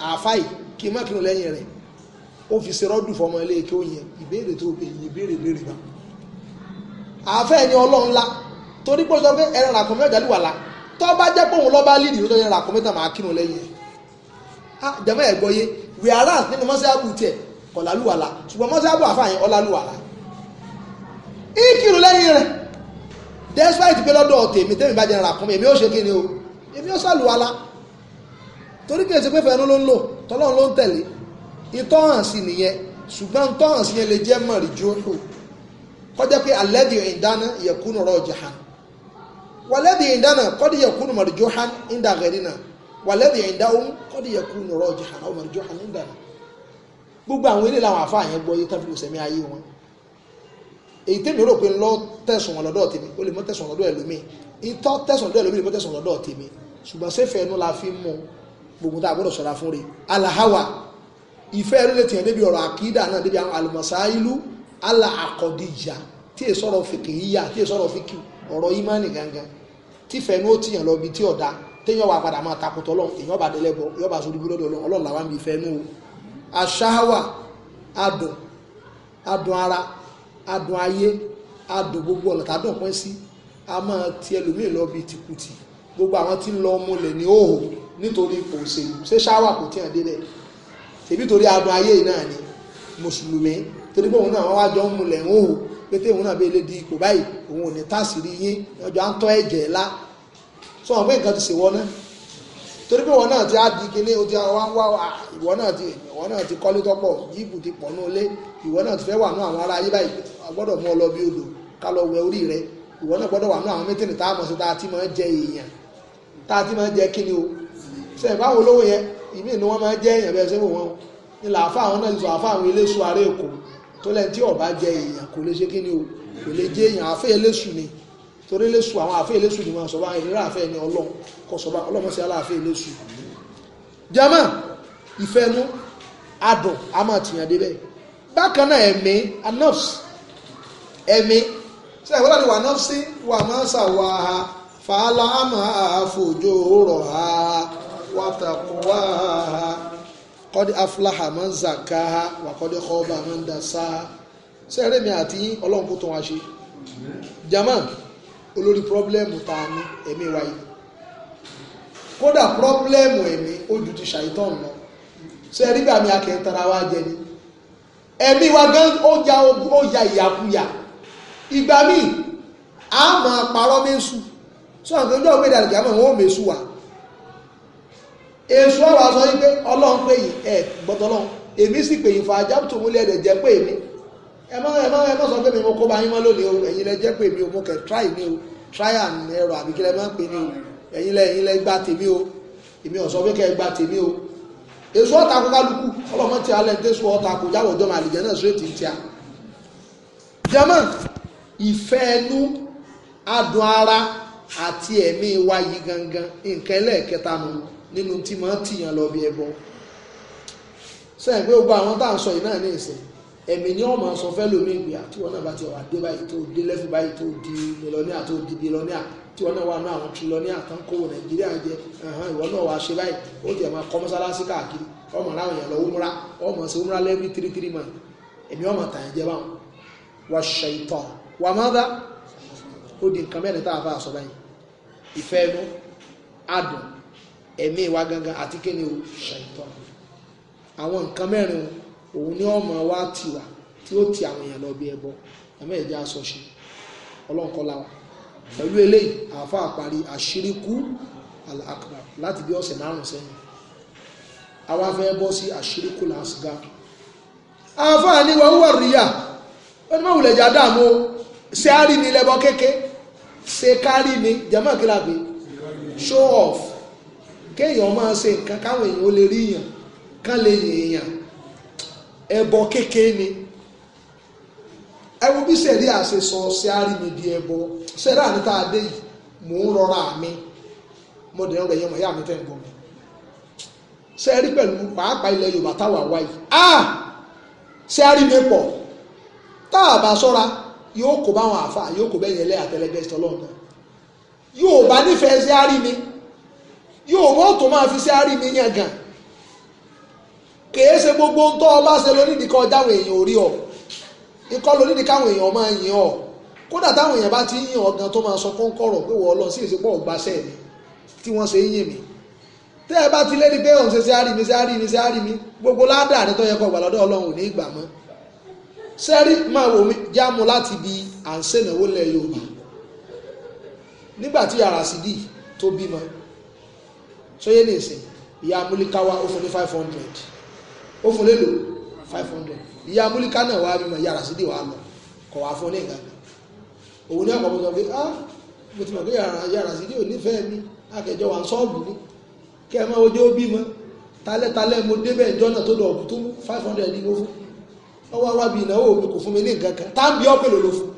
[SPEAKER 1] àáfàá yìí kí n má kírun lẹ́yìn rẹ̀ ó fi ṣe rọ́dù fọmọ ilé kí ó yẹn ìbéèrè tó bèèrè ìbéèrè béèrè bá àáfẹ́ ẹni ọlọ́run ńlá torí pé ó sọ pé ẹran ràkúnmí ọ̀já lù bá jẹ́ pé òun lọ́ bá lídìí jẹ́mọ́ ẹ̀ gbọ́yé wíárà nínú mọ́sáàbù tiẹ̀ kọ̀ lálùwàlà ṣùgbọ́n mọ́sáàbù àfààyàn ọ̀làlùwàlà ìkìrù lẹ́yìn rẹ̀ despite pé lọ́dọ̀ tèmi tèmi bá jẹ́ ra kún mi èmi ó ṣe kíni o èmi ó ṣàlùwàlà torí kìí ṣe pé fẹ́ẹ́ ló ń lò tọ́lọ́run ló ń tẹ̀lé ìtọ́hàn sí nìyẹn ṣùgbọ́n ìtọ́hàn sí yẹn lè jẹ́ mọ̀rì jóòrò kọjá pé alẹ́dì ìdáná yẹkùnú rọ̀ jahan wàlẹ́dì ìdáná kọ́dí yẹkùnú mọ̀rì jóhan ìdàgẹ̀dì náà wàlẹ́bí ẹ̀dá òun kọ́dí yẹ kú nọ̀rọ̀ ọjà àwọn ọmọ ìjọ àwọn ìgbà náà gbogbo àwọn ilé làwọn àfa àyẹn gbọ́ yé tán fi kò sẹ́mi ayé wọn èyí tèmi rò pé ńlọ tẹ̀sùn lọ́dọ̀ tèmi ó lè mọ́ tẹ̀sùn lọ́dọ̀ ẹlòmíì ìtọ́ tẹ̀sùn lọ́dọ̀ ẹlòmíì lè mọ́ tẹ̀sùn lọ́dọ̀ tèmi ṣùgbọ́n sẹ́fẹ̀ ẹnu la fi mú gbogbo tá a gbọ́dọ̀ sọ̀rọ̀ fún rẹ̀ alahawa ìfẹ́ ẹnu lè tiẹ̀ débi ọ̀rọ̀ àkídà náà débi àwọn alùmọ̀sáìlú ala àkọ́díjà tí è fìkì yíyà tí è fìkì ọ̀rọ̀ ìmánì gangan tífẹ̀ẹ́nu ó tiyàn lọ bí tí ọ̀dà téèyàn wà padà máa takùtọ̀ ọlọ́run èèyàn bá délẹ̀ bọ èèyàn bá sórí búlọ́dọ̀ ọlọ́run ọlọ́run làwọn ibi ìfẹ́ nú o àṣàwà adùn adùn ara adùn ayé adùn gbogbo ọ̀nà tádùn pín sí a máa ti ẹlòmíì lọ bíi tìkùtì gbogbo àwọn tí ń lọ ọmọ lẹ̀ ní òhò nítorí kò ṣèlú ṣé ṣáwà kò tí ì délẹ̀ tèmi torí adùn ayé náà ni mùsùlùmí torí pé òun náà wọ́n wá jọ di ipò báyìí òun ò ní tàṣírí yín sọ wọn pé nǹkan ti ṣe wọ́n náà torí pé wọn náà ti á di kíní o ti wá wá ìwọ náà ti ìwọ náà ti kọ́lé tọ́pọ̀ yíìpù ti pọ̀ náà lé ìwọ náà ti fẹ́ wà ní àwọn ará ayé báyìí gbọ́dọ̀ mú ọ lọ bí odò ká lọ wẹ orí rẹ ìwọ náà gbọ́dọ̀ wà ní àwọn mítìnì tá a mọ̀ sí tá a ti máa jẹ èèyàn tá a ti máa jẹ kíni o ṣe ìbá wo lówó yẹn ìmí ni wọ́n máa jẹ èèyàn bẹ́ẹ̀ sẹ́wọ̀n wọn ni làáfà àwọn náà sọ àfà àwọn eléṣu ará èkó tó lẹ́ni tí ọ̀bá jẹ èèyàn kò lè ṣe kíni torí lẹ́sù àwọn àfẹ́ lẹ́sù ni wọ́n sọ́bá ìrírà àfẹ́ ni ọlọ́run kọ sọ́bá ọlọ́mọ sí aláàfẹ́ lẹ́sù jama ìfẹ́nu adùn a máa tìyàn débẹ̀ bákan náà ẹ̀mí anọ́fs ẹ̀mí sí àgbẹ̀lá ni wà nọ́fsí wà máa ń sàwà ha fàálà á máa fojú rọ̀ ha wàtàkùn wà ha kọ́dí afúláhà máa ń zàká ha wà kọ́dí kọ́ọ́bà máa ń dà sá ha sẹ́rẹ̀mí àti ọlọ́run tó wá ṣe jama olórí pírọ́blẹ́mù tá a ní ẹ̀mí wa yìí kódà pírọ́blẹ́mù ẹ̀mí ó ju ti ṣàìtàn lọ ṣe rí bàmí akẹ́ntara wa jẹ ni ẹ̀mí wa gan ó ya ogun ó ya ìyàkuyà ìgbà míì a máa parọ́ mẹ́sù sọ àǹkẹ́ ojú ọ̀gbẹ́dà lè jábọ̀ wọn ò mẹ́sù wa èso ọ̀rọ̀ àṣọ yìí pé ọlọ́run pè yìí ẹ̀ gbọ́dọ̀ ọlọ́run èmi sì pè yìí fà ajábùtò múlẹ̀ ẹ̀dẹ̀ jẹ́ pé èmi ẹ mọ́ ẹ mọ́ ẹ mọ́ sọ pé mi mo kó ba yín mọ́ lónìí o ẹ̀yin lẹ jẹ́ pé mi o mo kẹ̀ try ni o try and error àbí kí lẹ máa ń pè ní o ẹ̀yin lẹ ẹ̀yin lẹ gba tèmi o èmi ò sọ pé kẹ́ ẹ gba tèmi o èso ọ̀tà kó kálukú ọlọ́mọ tí a lẹ́ tẹ́ so ọ̀tà kó jáwọ́ ọjọ́ màlìjẹ́ náà sórí ti tíya. jẹ́mọ̀ ìfẹ́ ẹnu adùn ara àti ẹ̀mí wa yìí gangan nǹkan ẹlẹ́ẹ̀kẹta nù nínú tí máa ń tìyàn lọ bí ẹbọ sẹ́yìn pé gbogbo àwọn tá ń sọ yìí náà ní ìsìn ẹ̀mí ni ọmọ sọ fẹ́ lómi ìgbé àti ah, wọn náà bá ti wà dé báyìí tó dé lẹ́fù báyìí tó di mílọ́níà tó di bílọ́níà tí wọn náà wà ní àwọn trilọ́níà tán kówó nàìjíríà jẹ ìwọ náà wàá ṣe báyìí ó jẹ máa kọ́ mọ́sálásí káàkiri ọmọ aláwọ̀ yẹn lọ wúmúra ọmọ sí wúmúra lẹ́bí tírí tírí mọ́ ẹ̀mí ọmọ tàn jẹ báwọn wà ṣe ìtọ̀ wà má dá ó di nǹkan mẹ́rin tá a fà sọ báyìí ìfẹ́ inú adùn ẹ̀mí wa gangan àti kíni o ṣe ìtọ̀ àwọn nǹkan mẹ́rin o òun ni ọmọ wa ti wà tí ó ti àwọn èèyàn lọ bí ẹbọ ẹmẹ ìjà aṣọ ṣe ọlọ́nkọ́lá wa pẹ̀lú eléyìí àáfà àparí àṣíríkú àkàrà láti bí ọ̀sẹ̀ márùn sẹ́yìn àwa fẹ́ bọ́ sí àṣíríkú làásìgá àáfà ni wọ́n wà ríyà wọ́n ti máa wùlẹ̀ jà dáàmú ṣe á rí ni lẹ́bọ kéke ṣe kárí ni jẹ́mọ̀ kíláà pé show off kéèyàn máa ṣe nǹkan káwọn èèyàn ó lè rí èèyàn kán lè yìn èèyàn ẹbọ kékeré ni ẹ wo bí sẹ̀rí àṣẹ sọ ṣe á rí mi di ẹbọ sẹ́rí àníta adé yìí mò ń rọra mi mo dẹ̀ ń rẹ̀ yẹn mọ̀ yá mi tẹ́ ń gbọ́ mi sẹ́rí pẹ̀lú pàápàá ilẹ̀ Yorùbá táwa wáyé ah sẹ́rí mi pọ̀ tá a bá sọ́ra yóò kó báwọn àfa yóò kó bẹ́yẹn lẹ́yà tẹ́lẹ́gbẹ́ sọlọ́run náà yóò bá nífẹ̀ẹ́ sẹ́rí mi yóò mọ́ tó máa fi sẹ́rí mi yàn gan kèé ṣe gbogbo ń tọ́ ọ bá ṣe lónídìí kan jáwọn èèyàn orí ọ ikọ́ lónídìí káwọn èèyàn máa yìn ọ kódà táwọn èèyàn bá ti yìn ọ gan tó máa sọ kọ́ńkọ́rọ̀ pé wọ́n lọ sí ìsìnkú ọ̀gbáṣẹ́ mi tí wọ́n ṣe yìn mí tẹ́ ẹ bá ti lé ní pé òun ṣe ṣe àrí mi ṣe àrí mi ṣe àrí mi gbogbo ládàá ni tó yẹ kó gbà lọ́dọ̀ ọlọ́run ò ní ìgbà mọ́ sẹ́rí máa wò mí jámu láti bi à ń ṣènáwó lẹ̀ Yorùbá nígbà tí yàrá sídì tó bímọ sóyè nìsín ìyá amúlíkáwá ó fún ní five hundred ó fún lélo five hundred ìyá múlíkà náà wàá bímọ ìyá rasidi wàá lọ kọ̀ wàá fún ní nǹkan kan òun ní àpapọ̀ sọ pé ah mo ti mọ̀ pé ìyá rasidi ò nífẹ̀ẹ́ mi akẹjọ wà sọ́ọ̀bù ni kí ẹ máa ojú ó bímọ talẹ́talẹ́ mo débẹ̀ ìjọ náà tó lọ ọ̀bù tó five hundred ní mo fún ọwọ́ wa bí ìnáwó mi kò fún mi ní nǹkan kan tábìọ́ pèlò ló fún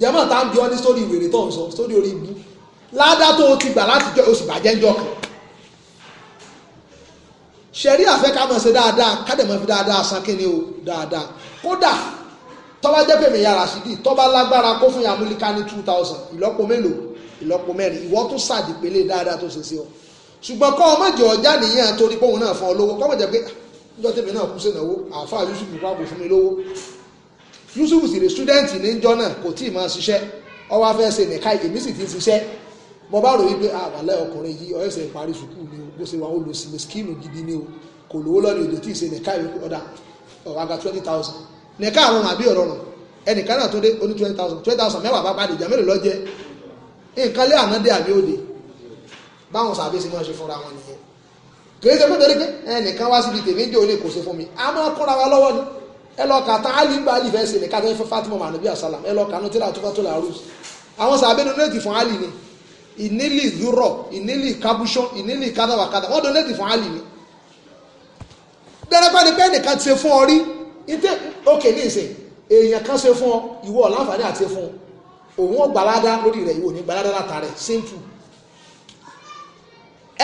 [SPEAKER 1] jẹ́mọ̀ tábìọ́ ní sórí ìwèrè tó ń sọ sórí orí ibu ládàá tó o ti gbà láti jọ oṣù bàjẹ́ ń jọ kan ṣẹ̀rí àfẹ́ ká máa ṣe dáadáa ká dẹ̀ máa fi dáadáa san kí ni o dáadáa kódà tọ́ba jẹ́ pèmí yàrá sídì tọ́ba lágbára kó fún yàmúlíká ní two thousand ìlọ́po mélòó ìlọ́po mẹ́rin ìwọ́ tó sàdì pélé dáadáa tó ṣe sí ọ ṣùgbọ́n kọ́ ọmọ ìjọ ọjà nìyẹn torí pé òun náà fún ọ lówó kọ́ ọmọ ìjọ pé ah, níjọ́ tèmi náà kú sínú owó àáfàá Yusuf kọ́ àpò fún mi lówó Yusuf sì rè student níjọ́ náà kò tí ì máa ṣiṣẹ́ ọwọ́ afẹ́ ṣe nìka èmi sì ti ṣiṣẹ́ mo bá rò yí pé ah, àbálẹ̀ ọkùnrin yìí ọ̀ẹ́sẹ̀ ìparí sùkúù ni o bó ṣe wà ó lò sí skimu gidi ni o kò lówó lọ́nà èdè tí ì ṣe nìka ìwé ọ̀dà ọ̀gá twenty thousand nìka àwọn àbí ọ̀rọ̀ rùn ẹnìkan náà tó dé oní twenty thousand twenty thousand mẹ́wàá bá padì ìjà mélòó lọ́jẹ́ nǹkan lé àná dé àbí òde báwọn sàbí sí máa ṣe fúnra wọn nìyẹn kì í ṣe pé torí pé ẹnìkan wá síbi tèmi jẹ́ òní kò ṣe fún mi Ali gba Ali fẹ́ ṣe nìka tó fẹ́ Fatima mànúbí àsálàm ẹ lọ kà nù tíra tó fẹ́ tó àwọn sàbí nínú ètì fún Ali ni ìnílì zúrọ̀ ìnílì kábúṣán ìnílì kádàwàkádà wọ́n donate fún àlì ni. dẹ́rẹ́bá ni pé ẹnìkan ti ṣe fún ọ rí ìtẹ́ òkè ní ìsìn èèyàn kan ṣe fún ọ ìwọ ọ̀láǹfààní àti fún òun ò gbàládá lórí rẹ̀ ìwọ ò ní gbàládá látàrẹ̀ simple.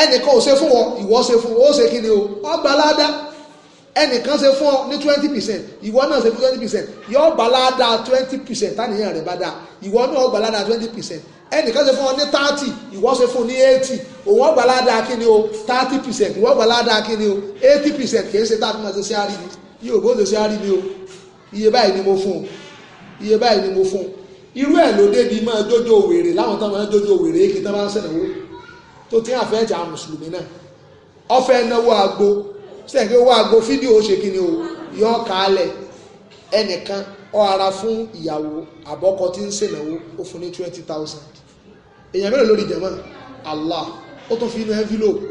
[SPEAKER 1] ẹnìkan ò ṣe fún ọ ìwọ ṣe fún ọ ó ṣe kí ni o ọ gbàládá ẹnìkan ṣe fún ọ ní twenty percent ìwọ náà ṣe fún twenty percent yọ gbalada twenty percent tánìyàn rẹ bá dáa ìwọ náà gbalada twenty percent ẹnìkan ṣe fún ọ ní thirty ìwọ ṣe fún ní eighty òun gbalada kíni o thirty percent ìwọ gbalada kíni o eighty percent kì í ṣe táàbí máa ṣe sí àríbi yóò bó ṣe sí àríbi o iye báyìí ni mo fún o iye báyìí ni mo fún o irú ẹ̀ ló débi máa jójó wèrè láwọn táwọn máa jójó wèrè èkì máa ń ṣẹ̀nàwó tó ti ń àfẹ́ ẹ̀jà mùsùlùmí náà ọ̀fẹ́ sẹ́yìn owó aago fídíò ṣe kí ni o yọ ẹnìkan ọ ara fún ìyàwó àbọ́kọ tí ń ṣènáwó ó fún ní twenty thousand èèyàn jẹ̀mọ́ Allah ó tún fi inú envelope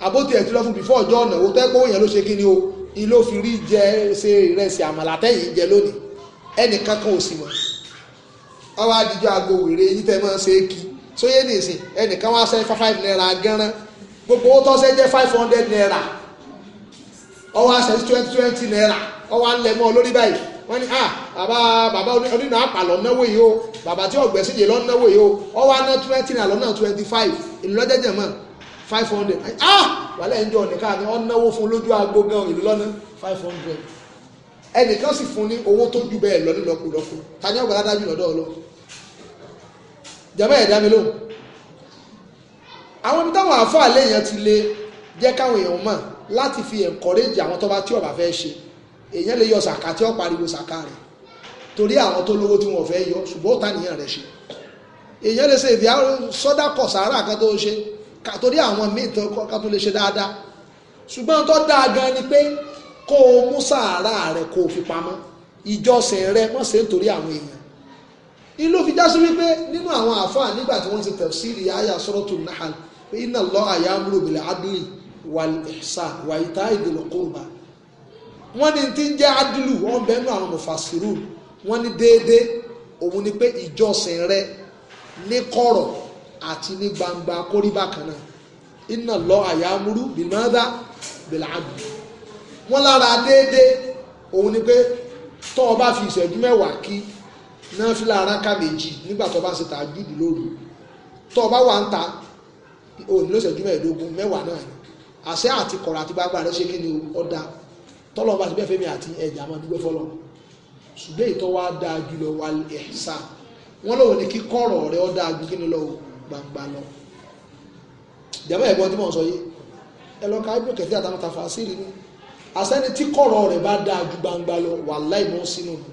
[SPEAKER 1] lọ́fún ọjọ́ ọ̀nà o ni rí jẹ ṣe ìrẹsì àmàlà tẹ́yìn jẹ lónìí ẹnìkan kan ò sì mọ̀ aago wèrè tẹ́ máa ṣe é kí sóyè nìsín naira gbogbo owó jẹ́ five hundred naira ọwọ́ aṣẹ twenty twenty naira ọwọ́ alẹ́mọ́ lórí báyìí wọ́n ní ah bàbá bàbá onínà àpàlọ́ náwó yìí o bàbá tí ọ̀gbẹ́ síje lọ́ náwó yìí o ọwọ́ aná twenty naira lọ́nà twenty five ìlú lọ́jẹ́jẹ́ mọ́ five hundred ah wàhálà ẹ̀ ń jọ ọ̀nìkà ni wọ́n náwó fún lójú aago gan ìlú lọ́nà five hundred ẹnìkan sì fún ní owó tó ju bẹ́ẹ̀ lọ nílọkulọ́kù ta ni ọgbà dájú lọ́dọ̀ ọlọ́ jàmbá ẹ̀dá mi lóhùn àwọn ibi táwọn àáfàá lẹ́yìn ti lé jẹ́ káwọn èèyàn mọ̀ láti fi encourage àwọn tó bá tí ó bá fẹ́ ṣe èèyàn lè yọ sàkà tí ó pariwo sàkà rẹ̀ torí àwọn tó lówó tí wọ́n fẹ́ yọ ṣùgbọ́n ó tàníyàn rẹ̀ ṣe èèyàn lè ṣe ìdí sọ́dá kọ̀ sàárà kan tó ṣe torí àwọn míì kan tó lè ṣe dáadáa ṣùgbọ́n tó dáa gan ni pé kó o mú sàárà rẹ̀ kó o fi pamọ́ ìjọsìn rẹ̀ mọ̀ ṣe nítorí àwọn èèyàn ìlú fi já sí wípé nínú àwọn àáfàá nígbà tí wọ́n ti tafsiri àyà suratul Nahl pé inna Allaha ya'muru bil adli wal ihsan wa ita'i dhil qurba wọ́n ní ti ń jẹ́ adìlú wọ́n bẹ́ẹ̀ nù àwọn mufasirun wọ́n ní déédéé òun ni pé ìjọsìn rẹ ní kọ̀rọ̀ àti ní gbangba kórí bákan náà inna Allaha ya'muru bimadha wọ́n lára déédéé òun ni pé tọ́ ọ bá fi ìṣẹ́jú mẹ́wàá kí náà fi lára ká méjì nígbà tó bá ṣe tàájúdù lóru tọ́ ọ bá wà ń ta òun ló ṣẹ́jú mẹ́ẹ̀ẹ́dógún mẹ́wàá náà ni àṣẹ àti kọ̀rọ̀ àti gbàgbà rẹ ṣe kí ni ọ̀dà tọ́lọ́ bá ti bẹ́ẹ̀ fẹ́mi àti ẹ̀jẹ̀ àmọ́ dúpẹ́ fọlọ́ ṣùgbọ́n ìtọ́ wa da jù lọ wà ẹ̀sà wọ́n lọ́wọ́ ni kíkọ́rọ̀ rẹ ó dáa kí ni lọ gbangba lọ. ìjàmbá ẹ̀gbọ́n tí mò ń sọ yìí ẹ lọ ka ibùdó kẹfì àtàwọn tafa sí rí ni àṣẹni tí kọ̀rọ̀ rẹ bá dáa jù gbangba lọ wà láì mọ́ sínú mi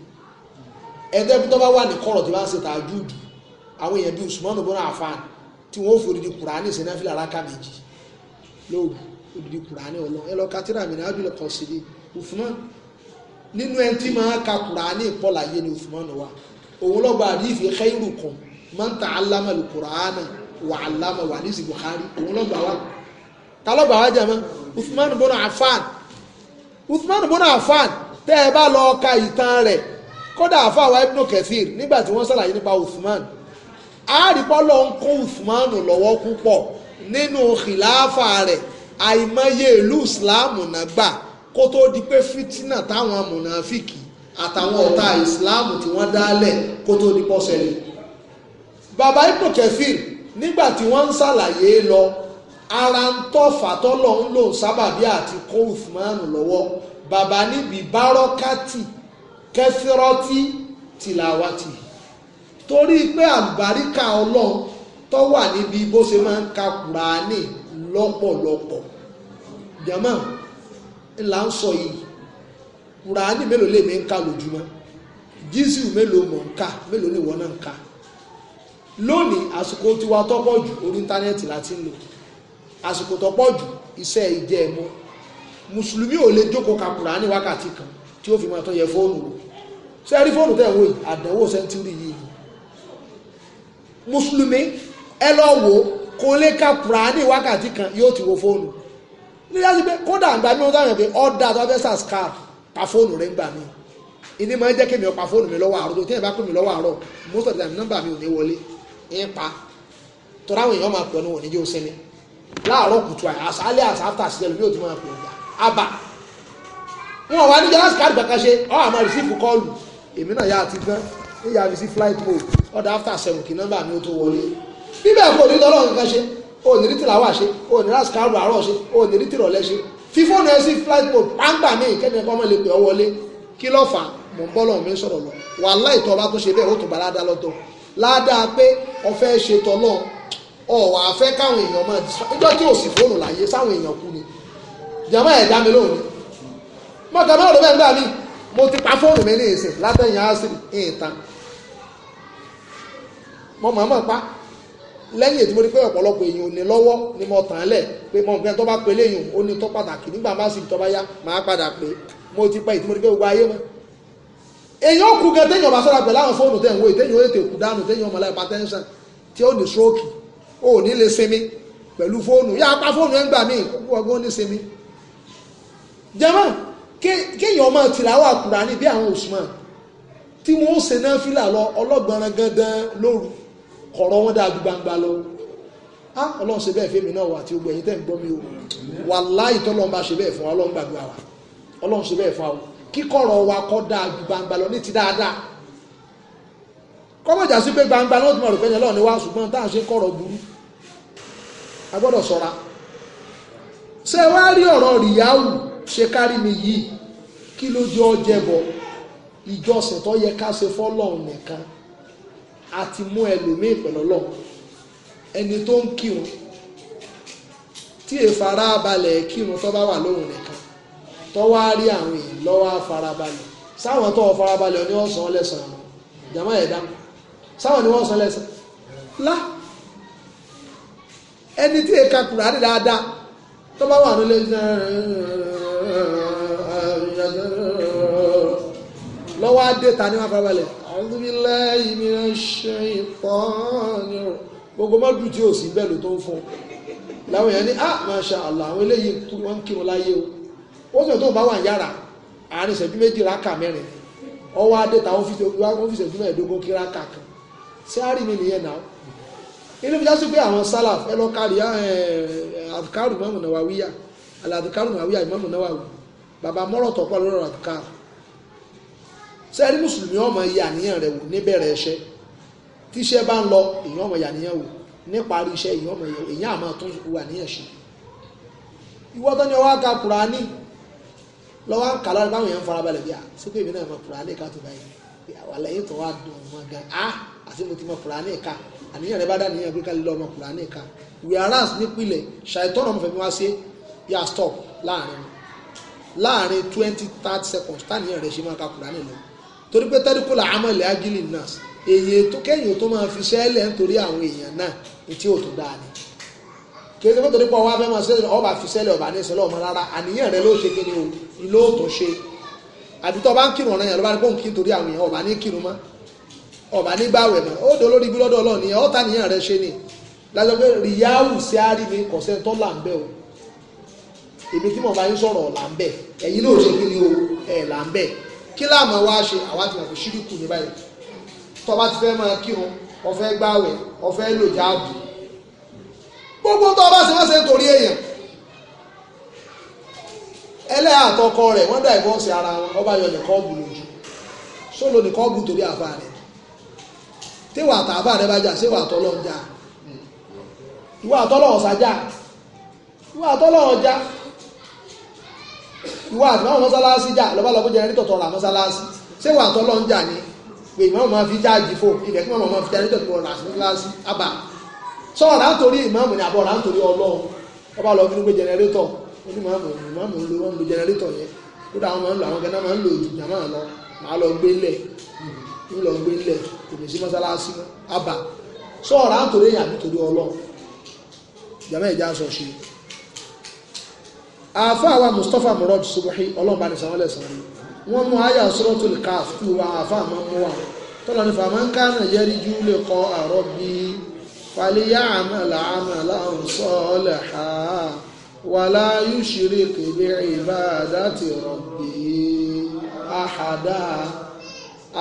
[SPEAKER 1] ẹgbẹ́ bí tó bá wà ní kọ̀rọ̀ tí bá ń ṣe tààjú lóògùn odidi kùránì ọlọ ẹ lọ ka mi náà bìlọ kàn sí i Uthman máa ka kùránì pọ̀ láyé ni Uthman wà òun lọ́gbà àdìsí khairukum man ta'allama al-Qur'ana wa alama wà ní Bukhari òun lọ́gbà wà ta lọ́gbà wà jẹ́ mọ́ Uthman bọ́nà Affan Uthman bọ́nà Affan tẹ́ ẹ bá lọ ka ìtàn rẹ̀ kódà àfàwà ibnu Kathir nígbà tí wọ́n sàlàyé nípa Uthman àárìpọ̀ lọ ń kó Uthman lọ́wọ́ púpọ̀ nínú khilafa rẹ̀ àìmọye ìlú ìsìláàmù náà gbà kó tó di pé fìtínà táwọn mùnàfíkì àtàwọn ọ̀tá ìsìláàmù tí wọ́n dálẹ̀ kó tó di pọ́sẹ̀lẹ̀ bàbá ipò kẹfìn nígbà tí wọ́n ń ṣàlàyé lọ ara ń tọ́ fàtọ́lọ̀ ń lò sábàbí àti kó Uthmanu lọ́wọ́ bàbá níbi bárọ́kátì kẹfìrọ́tì tìlàwátì torí pé àlùbáríkà ọlọ́run tó wà níbi bó ṣe máa ń ka Kùránì lọ́pọ̀lọpọ̀ jama ńlá ń sọ yìí kùránì mélòó lèmi ń ka lójúmọ́ jísù mélòó mọ̀ ń ka mélòó lèwọ́ náà ń ka lónìí àsìkò tiwa tọ́pọ̀ jù orí íńtánẹ́ẹ̀tì láti ń lò àsìkò tọ́pọ̀ jù iṣẹ́ ìjẹ́ ẹ̀mọ́ mùsùlùmí ò lè jókòó ka kùránì wákàtí kan tí ó fi máa tọ́ yẹ fóònù wò sẹ́rí fóònù tẹ̀ wò yìí àdánwò sẹ́ńtúrì yìí mùsùlùmí ẹ lọ́ wò ó kò lè ka kùránì wákàtí kan yóò ti wo fóònù nígbà tí pé kódà ńgbà mi ò dáhùn pé ọ̀dà tó fẹ́ sàskà pa fóònù rẹ̀ ńgbà mi ìní máa ń jẹ́ kémi ọ̀pá fóònù mi lọ́wọ́ àárọ̀ tó tí bá pè mí lọ́wọ́ àárọ̀ most of the time nọ́mbà mi ò ní wọlé ń pa tọ́ra àwọn èèyàn máa pè ọ́nù òní jẹ́ òsínmi láàárọ̀ kùtù àṣálẹ́ àṣà áfà sílẹ̀ lómi ò ti máa pè ọ̀gá àbà wọn wà níjà láti káàdì kankan ṣe ọ àmọ́ rìsífù kọ́ọ̀lù èmi náà yà á ti gbọ́n bíbẹ̀ kò ní lọ́rọ̀ kankan ṣe o ní rítìlà wà ṣe o ní rásìkárù àárọ̀ ṣe o ní rítìlà ọ̀lẹ́ ṣe fífóònù ẹ sí flight boat pàǹgbà míì kẹ́ni kọ́ mọ́ lè pè ọ́ wọlé kí ló fà mọ̀ ń bọ́lọ̀ mi sọ̀rọ̀ lọ wàláhì tó bá tó ṣe bẹ́ẹ̀ ó tún bá ládàá lọ́tọ̀ ládàá pé ọ̀fẹ́ ṣe tọ́lọ́ ọ̀wà afẹ́ káwọn èèyàn máa dì ìjọ tí ò sì fóònù láyé sáwọn èèyàn kú ni jàmá ẹ̀dá mi lónìí
[SPEAKER 2] mọ̀tà máa rò bẹ́ẹ̀
[SPEAKER 1] mo ti pa fóònù mi ní ìsìn látẹ̀yìn àásìrì ìtàn mo mọ̀ pa lẹ́yìn ètò mo rí pé ọ̀pọ̀lọpọ̀ èèyàn ò ní lọ́wọ́ ni mo tàn án lẹ̀ pé mo nǹkan tó bá pe léyìn ó ní tó pàtàkì nígbà má sì tó bá yá máa padà pé mo ti pẹ́ ètò mo rí pé gbogbo ayé mọ́. èèyàn kú gan téèyàn bá sọ́ra pẹ̀lú àwọn fóònù tẹ̀ ń wo èèyàn ó tètè kú dànù téèyàn ọmọ láì patẹ́ńsán tí ó ní stroke ó ní lè sinmi pẹ̀lú fóònù yá apá fóònù ẹ̀ ń gbà míì gbogbo ní sinmi. jẹ́mọ́ kéèyàn ọmọ tìlàwọ̀ àkùrà ní bí àwọn Usman kọ̀rọ̀ wọn dáa ju gbangba lọ á ọlọ́run ṣe bẹ́ẹ̀ fèmí náà wà àti ogun ẹ̀yìn tẹ̀ ń gbọ́ mi o wàláhì tọ́lọ́run bá ṣe bẹ́ẹ̀ fún wa ọlọ́run gbàdúrà wa ọlọ́run ṣe bẹ́ẹ̀ fún wa o kíkọ̀rọ̀ wa kọ́ dáa ju gbangba lọ ní ti dáadáa kọ́mọ̀jà sí pé gbangba náà ti mọ̀ rẹ̀ fẹ́yìn ọlọ́run ni wá ṣùgbọ́n táà ṣe kọ̀rọ̀ burú a gbọ́dọ̀ ṣọ́ra ṣe wá rí ọ̀rọ̀ rìyáwù ṣe kárí mi yìí kí ló jẹ́ ọjẹ́ bọ̀ ìjọsìn tó yẹ ká ṣe fọ́lọ́run nìkan àti mú ẹlòmíì pẹ̀lú ọlọ́run ẹni tó ń kírun tí èèfara balẹ̀ kírun tó bá wà lóhùn nìkan tó wá rí àwọn èèyàn lọ́wọ́ àfarabalẹ̀ sáwọn tó farabalẹ̀ ni wọ́n san lẹ́sàn án jàmọ́ ẹ̀dá sáwọn ni wọ́n san lẹ́sàn lá ẹni tí èèkà kùrà á dáadáa tó bá wà nílé lọ́wọ́ adé ta ni wọ́n farabalẹ̀ أعوذ بالله من الشيطان gbogbo mọ́dù tí ò sí bẹ́ẹ̀ ló tó ń fún láwọn èèyàn ní ah masha allah àwọn eléyìí tó wọ́n ń kírun láyé o ó sọ̀rọ̀ tó bá wà yára àárín ìṣẹ́jú méjì ráka mẹ́rin ọwọ́ adẹ́ta wọ́n fi ìṣẹ́jú mẹ́ẹ̀ẹ́dógún kí ráka kan ṣé á mi nìyẹn náà inú fi jásí pé àwọn sálàf ẹ lọ kárí àdìkárù mọ́mù náwáwíyà àlàdìkárù náwáwíyà ìmọ̀mù náwáwí bàbá mọ́rọ̀ tọ́pọ̀ lórí àdìkárù sẹ́ẹ̀rí mùsùlùmí ọmọ iye àníyàn rẹ̀ wò níbẹ̀rẹ̀ ẹṣẹ́ tíṣẹ́ bá ń lọ èèyàn ọmọ ìyàníyàn wò níparí iṣẹ́ èèyàn ọmọ èèyàn àmọ́ tó wù àníyàn ṣe ìwọ tó ní ọwọ́ ká kùránì lọ́wọ́ ń kà lára báwọn èèyàn farabalẹ̀ bí i sípò èmi náà mọ kùránì ká tó báyìí wà lẹ́yìn tó wà dùn wọn gan a àti mo ti mọ kùránì ká àníyàn rẹ bá dá níyàn pé kálí lọ́mọ kùránì ká whereas nípìnlẹ̀ ṣàìtọ́nà mo fẹ́ mi wá sí yà stop láàrin láàrin twenty thirty seconds táníyàn rẹ ṣe máa ka kùránì lọ́wọ́ torí pé tẹ́lifùlà amọ̀lẹ̀ ajílì nas èyí tó kẹ́yìn tó máa fi sẹ́lẹ̀ nítorí àwọn èèyàn náà etí ò tó dáa ni kéde mọ́tò nípa ọwọ́ abẹ́mọ̀ sẹ́lẹ̀ ọba fi sẹ́lẹ̀ ọba ní ìsẹ́lẹ̀ ọmọ rárá àníyàn rẹ ló ṣe kéde o ló tó ṣe àbí tó bá ń kírun ọ̀nà yẹn ló bá ní bóun kí nítorí àwọn èèyàn ọba ní kírun mọ́ ọba ní gbàwẹ̀ mọ́ ó dolórí ibi lọ́dọ̀ ọlọ́ọ̀ni ẹ̀ ọ́ta níyàn rẹ ṣe ni lájọ pé ríyáwù sí àríwé kọ̀sẹ́ tó là ń bẹ̀ o èmi tí mo bá yín sọ̀rọ̀ là ń bẹ̀ ẹ̀yin ló ṣe kí o ẹ̀ là ń bẹ̀ kí láàmú wa ṣe àwa ti mọ̀ pé ṣíríkù ní báyìí tó bá ti fẹ́ máa kírun ó fẹ́ gbàwẹ̀ ó fẹ́ lò jáàbù gbogbo tó bá ṣe wọ́n ṣe torí èèyàn ẹlẹ́yà àtọkọ rẹ̀ wọ́n dà ìbọ́ọ̀sì ara wọn ọba yọ nìkan ọ̀bù lójú sólò nìkan ọ̀bù torí àfa rẹ̀ tíwà tàbá rẹ̀ bá jà síwà àtọ́lọ́ ọjà ìwà àtọ́lọ́ ọ̀sà ìwà àtọ́lọ́ ìwọ àti máwọn mọ́sálásí jà lọ́bálọ́bọ́ jẹnẹrétọ̀ tọrọ àmọ́sálásí ṣé wà tọ́lọ́ ń jà ni pé ìmáàmù máa fi jáàjì fò ilẹ̀ kí máàmù máa fi jẹnẹrétọ̀ tọrọ àmọ́sálásí àbà sọ̀rọ̀ látòrí ìmáàmù ni àbọ̀ látòrí ọlọ́run ọba lọ fínú pé jẹnẹrétọ̀ onímọ̀ọ́mù ìmáàmù ń lo lo jẹnẹrétọ̀ yẹn kódà àáfàá wa Mustapha Murad Subuhi ọlọ́ọ̀bá ní sàwọn lẹ́sàn án wọ́n mú àyà Suratul Kahf tí wa àáfàá máa mú wa tọ́lọ́ ní fàmà ń kánà yẹrí jú lè kọ́ àrọ́ bí fàlíyà àmàlà àmàlà ń sọ ọ́lẹ̀ ha wàlá yúṣìírí kìlì ìbádàtì rọ̀bì àhàdá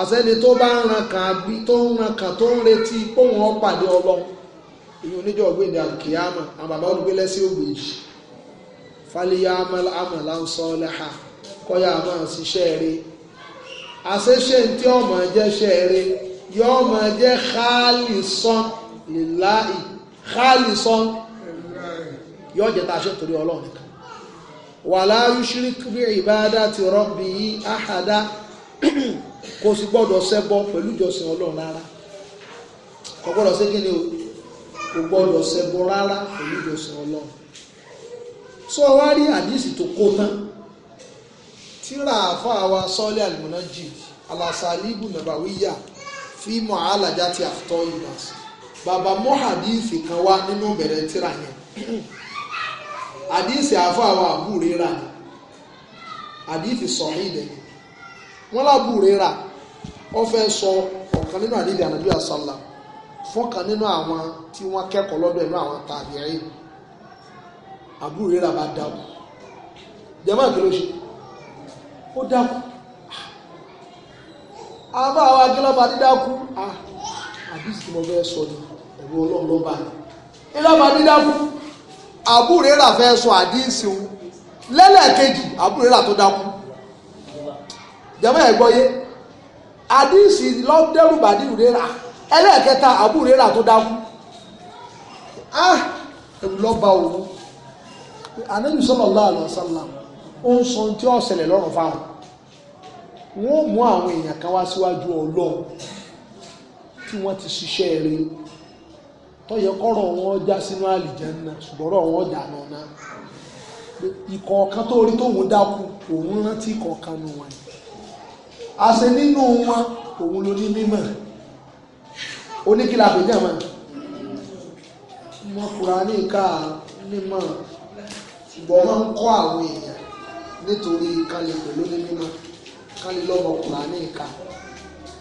[SPEAKER 1] àsẹ́ni tó bá ń ran kan àbí tó ń ran kan tó ń retí póun ọ́ pàdé ọlọ́run ìyún oníjọ́ ọ̀gbìn ní àkíyàmà àwọn bàbá ògbèjì fàlíyà amọ̀lá ń sọ lẹ́hà kọ́yà máa ṣiṣẹ́ rí àṣeṣe tí ọmọ jẹ́ ṣẹ́ẹ̀rẹ́ yóò máa jẹ́ khalisan lillahi khalisan yóò jẹ́ tàṣẹ torí ọlọ́run nìkan wala yushrik bi ibadati rabbihi ahada kò sì gbọ́dọ̀ ṣẹbọ pẹ̀lú ìjọsìn ọlọ́run rárá kò ni o kò gbọ́dọ̀ ṣẹbọ rárá pẹ̀lú ìjọsìn sọ wá rí àdìsí tó kó tán tíra àfáà wa sọ́ọ́lẹ̀ àlùmọ́nà jì alásàlíbù nàbàwíyà fíìmù àhàlàjà ti àtọ́ ìbàṣẹ bàbá mú àdìsí kan wá nínú bẹ̀rẹ̀ tíra yẹn àdìsí àfáà wa àbúrè rà ní àdìsí sọ̀rọ̀ ìdẹ̀ wọn lábúrè rà ó fẹ́ sọ ọ̀kan nínú àdìsí ànàbíyà sọ̀lá fọ́kàn nínú àwọn tí wọ́n kẹ́kọ̀ọ́ lọ́dọ̀ inú àwọn tàbí ẹ̀yìn àbúrò rírà bá dákú jẹ́mọ́ kí ló ṣe ó dákú ah. àbá àwọn akílọ́ba dídákú ah. àbísí mo fẹ́ sọ ni ẹ̀rọ ọlọ́run ló bá ní ìlọ́ba dídákú àbúrò rírà fẹ́ sọ àdísí òun lẹ́lẹ́kejì àbúrò rírà tó dákú jẹ́mọ́ ẹ̀ gbọ́ yé àdísì lọ́dẹ́rùbà ní ìrera ẹlẹ́ẹ̀kẹta àbúrera tó dákú ah ẹ̀rù lọ́ba òun anabi sallallahu alaihi wasallam ó ń sọ tí ó ṣẹlẹ̀ lọ́rùn fáwọn wọ́n mú àwọn èèyàn kan wá síwájú ọlọ́run tí wọ́n ti ṣiṣẹ́ rẹ̀ tọ́yẹ kọ́rọ̀ wọn já sínú àlìjẹ́nà ṣùgbọ́rọ̀ wọn dà nọ́nà ìkọ̀ọ̀kan tó rí tóun dákú òun rántí ìkọ̀ọ̀kan nu wọn àṣẹ nínú wọn òun ló ní mímọ̀ oníkìlà àpèjẹ́ mọ́ wọn kùrà ní ìka mímọ̀ ṣùgbọ́n wọ́n ń kọ́ àwọn èèyàn nítorí kálí pẹ̀lú ní mímọ́ kálí lọ́mọ kùránì ìka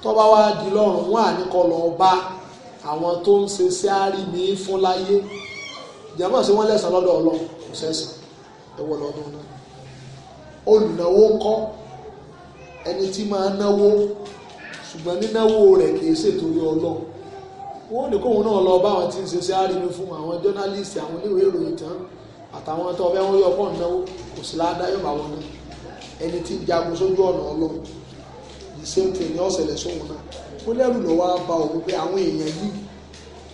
[SPEAKER 1] tọ́ba wá di lọ́rùn wọn à ní kọ́ lọ bá àwọn tó ń ṣe sí àrími fún láyé jẹ́mọ̀ sí wọ́n lẹ́sàn lọ́dọ̀ ọlọ́run kò sẹ́sàn ẹ̀wọ̀ lọ́dún náà olùnáwó kọ́ ẹni tí máa náwó ṣùgbọ́n nínáwó rẹ̀ kìí ṣètòrí ọlọ́run wọ́n ní kóun náà lọ bá àwọn tí ń ṣe sí àrími fún àwọn jọ́nálìsì àwọn oníwèé ìròyìn tán àtàwọn tó ọbẹ̀ wọn yọ ọkọ̀ náwó kò sí láàdá yóò bá wọn ẹni tí ń jagun sójú ọ̀nà ọlọ́run the same thing ní ọ̀sẹ̀lẹ̀ sóhun náà ó lẹ́rù lọ́wọ́ bá òun pé àwọn èèyàn yìí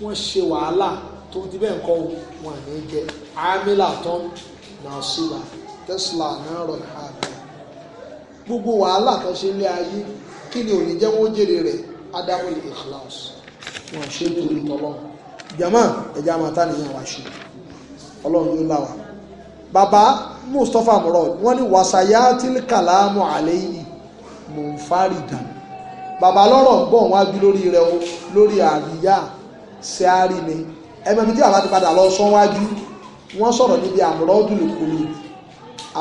[SPEAKER 1] wọ́n ṣe wàhálà tó ti bẹ́ẹ̀ kọ́ wọn àní jẹ amílà tán náà sílà tesla náà rọ̀ àbẹ̀ gbogbo wàhálà kan ṣe lé ayé kí ni òní jẹ́ wọ́n jèrè rẹ̀ adáwọ̀lì ikhlas wọn ṣe nítorí tọ́lọ́run jama ẹja máa tá nìyẹn wá ṣe ọlọ́run yóò láwàá Baba, Mustapha Murad wọ́n ní wasayatil kalamu alayhi munfaridan bàbá lọ́rọ̀ ń bọ̀ wọ́n á bí lórí rẹ̀ o lórí àríyá ṣe á rí ni ẹgbẹ́ mi tí àbá ti padà lọ sọ wájú wọ́n sọ̀rọ̀ níbi àmúrọ́dún lòkulù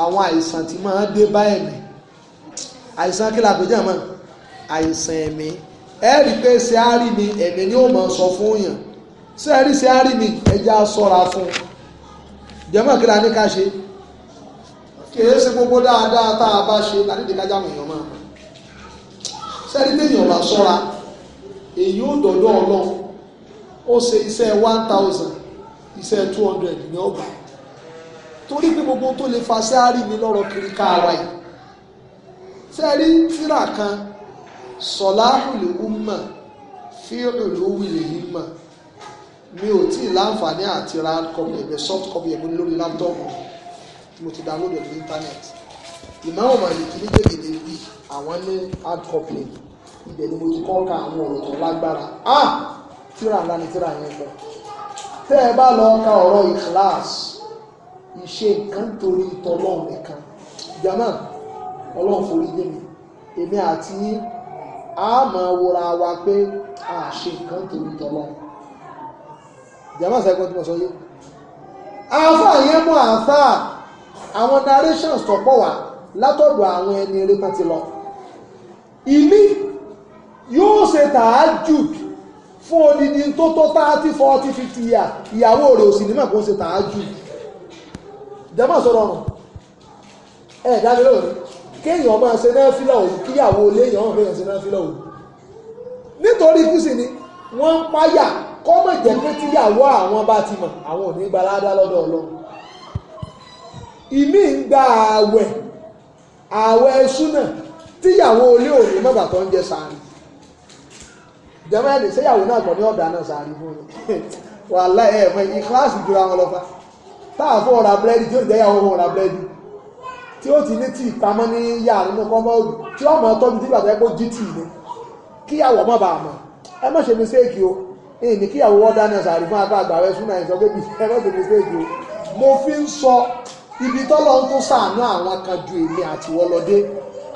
[SPEAKER 1] àwọn àìsàn tí máa ń dé bá ẹ̀mí àìsàn kí la pè jẹ́ mọ́ àìsàn ẹ̀mí ẹ rí i pé ṣe á rí ni ẹ̀mí ni ó máa sọ fún yàn ṣe é rí ṣe á rí fún un jẹ́mọ̀ kí la ní ká ṣe kìí ṣe gbogbo dáadáa tá a bá ṣe ládìdí kájà àwọn èèyàn máa sẹ́ni téèyàn bá sọ́ra èyí ò dọ̀dọ̀ ọlọ́run ó ṣe iṣẹ́ one thousand iṣẹ́ two hundred ní ọgbà torí pé gbogbo tó lè fa sáárì ní lọ́rọ̀ kiri káàwá yìí sẹ́rí tíra kan sọ̀láhùn lè hùmà fí òlówì lè hímà mi ò tí ì láǹfààní àti ra hard copy ẹ̀gbẹ́ soft copy ẹ̀gbẹ́ lórí láptọ́ọ̀pù tí mo ti download lórí internet ìmáwọ̀n màlìkì ní gbèdéde bíi àwọn ní hard copy ibẹ̀ ni mo ti kọ́ ka àwọn ọ̀rọ̀ tó lágbára ah tíra ńlá ni tíra yẹn lọ tẹ́ ẹ bá lọ ka ọ̀rọ̀ ìkíláàs ìṣe nǹkan torí tọlọ́run nìkan jama ọlọ́run forí dé mi èmi àti yín a máa wòra wa pé a ṣe nǹkan torí tọlọ́run jama sẹ́kọ̀ọ́ tí mo sọ yé afa yẹn mú afa àwọn narrations tó pọ̀ wá látọ̀dọ̀ àwọn ẹni eré kan ti lọ ìmí yóò ṣe tààjùd fún odidi tó tó thirty forty fifty year ìyàwó rẹ̀ òsì nímọ̀ kó ṣe tààjùd jama sọ̀rọ̀ ọ̀run ẹ̀ dábí lóòrè kéèyàn máa ṣe náà fílà òun kíyàwó léèyàn máa ṣe náà fílà òun nítorí kùsì ni wọ́n ń páyà kọ́mọ̀ jẹ́ pé tíyàwó àwọn bá ti mọ̀ àwọn ò ní gba ládá lọ́dọ̀ ọlọ́run ìmí ń gba ààwẹ̀ ààwẹ̀ súnà tíyàwó olé òní mọ̀gbà tó ń jẹ sàárì jẹ́mẹ́ẹ̀dì séyàwó náà kọ̀ ní ọ̀dà náà sàárì fún mi wàhálà ẹ̀ mọ̀ ní kíláàsì jura wọn lọ́fà táà fún ọ̀rà búrẹ́dì tí ó jẹ́yàwó fún ọ̀rà búrẹ́dì tí ó ti ní tí ìpamọ́ ní yàrá nínú kọ́mọ́ọ̀dù tí ọmọ tọ́jú tí bàtà ẹ̀kọ́ jí tì ní kíyàwó ọmọ bàá mọ̀ ẹ má ṣe mistake o èyí ní kíyàwó wọ́n dáná sàárì fún apá àgbà rẹ súnà ìsọ pé ẹ má ṣe mistake o mo fi ń sọ ibi tọ́lọ́ ń tún sàánú àwọn kan ju èmi àti wọlọdé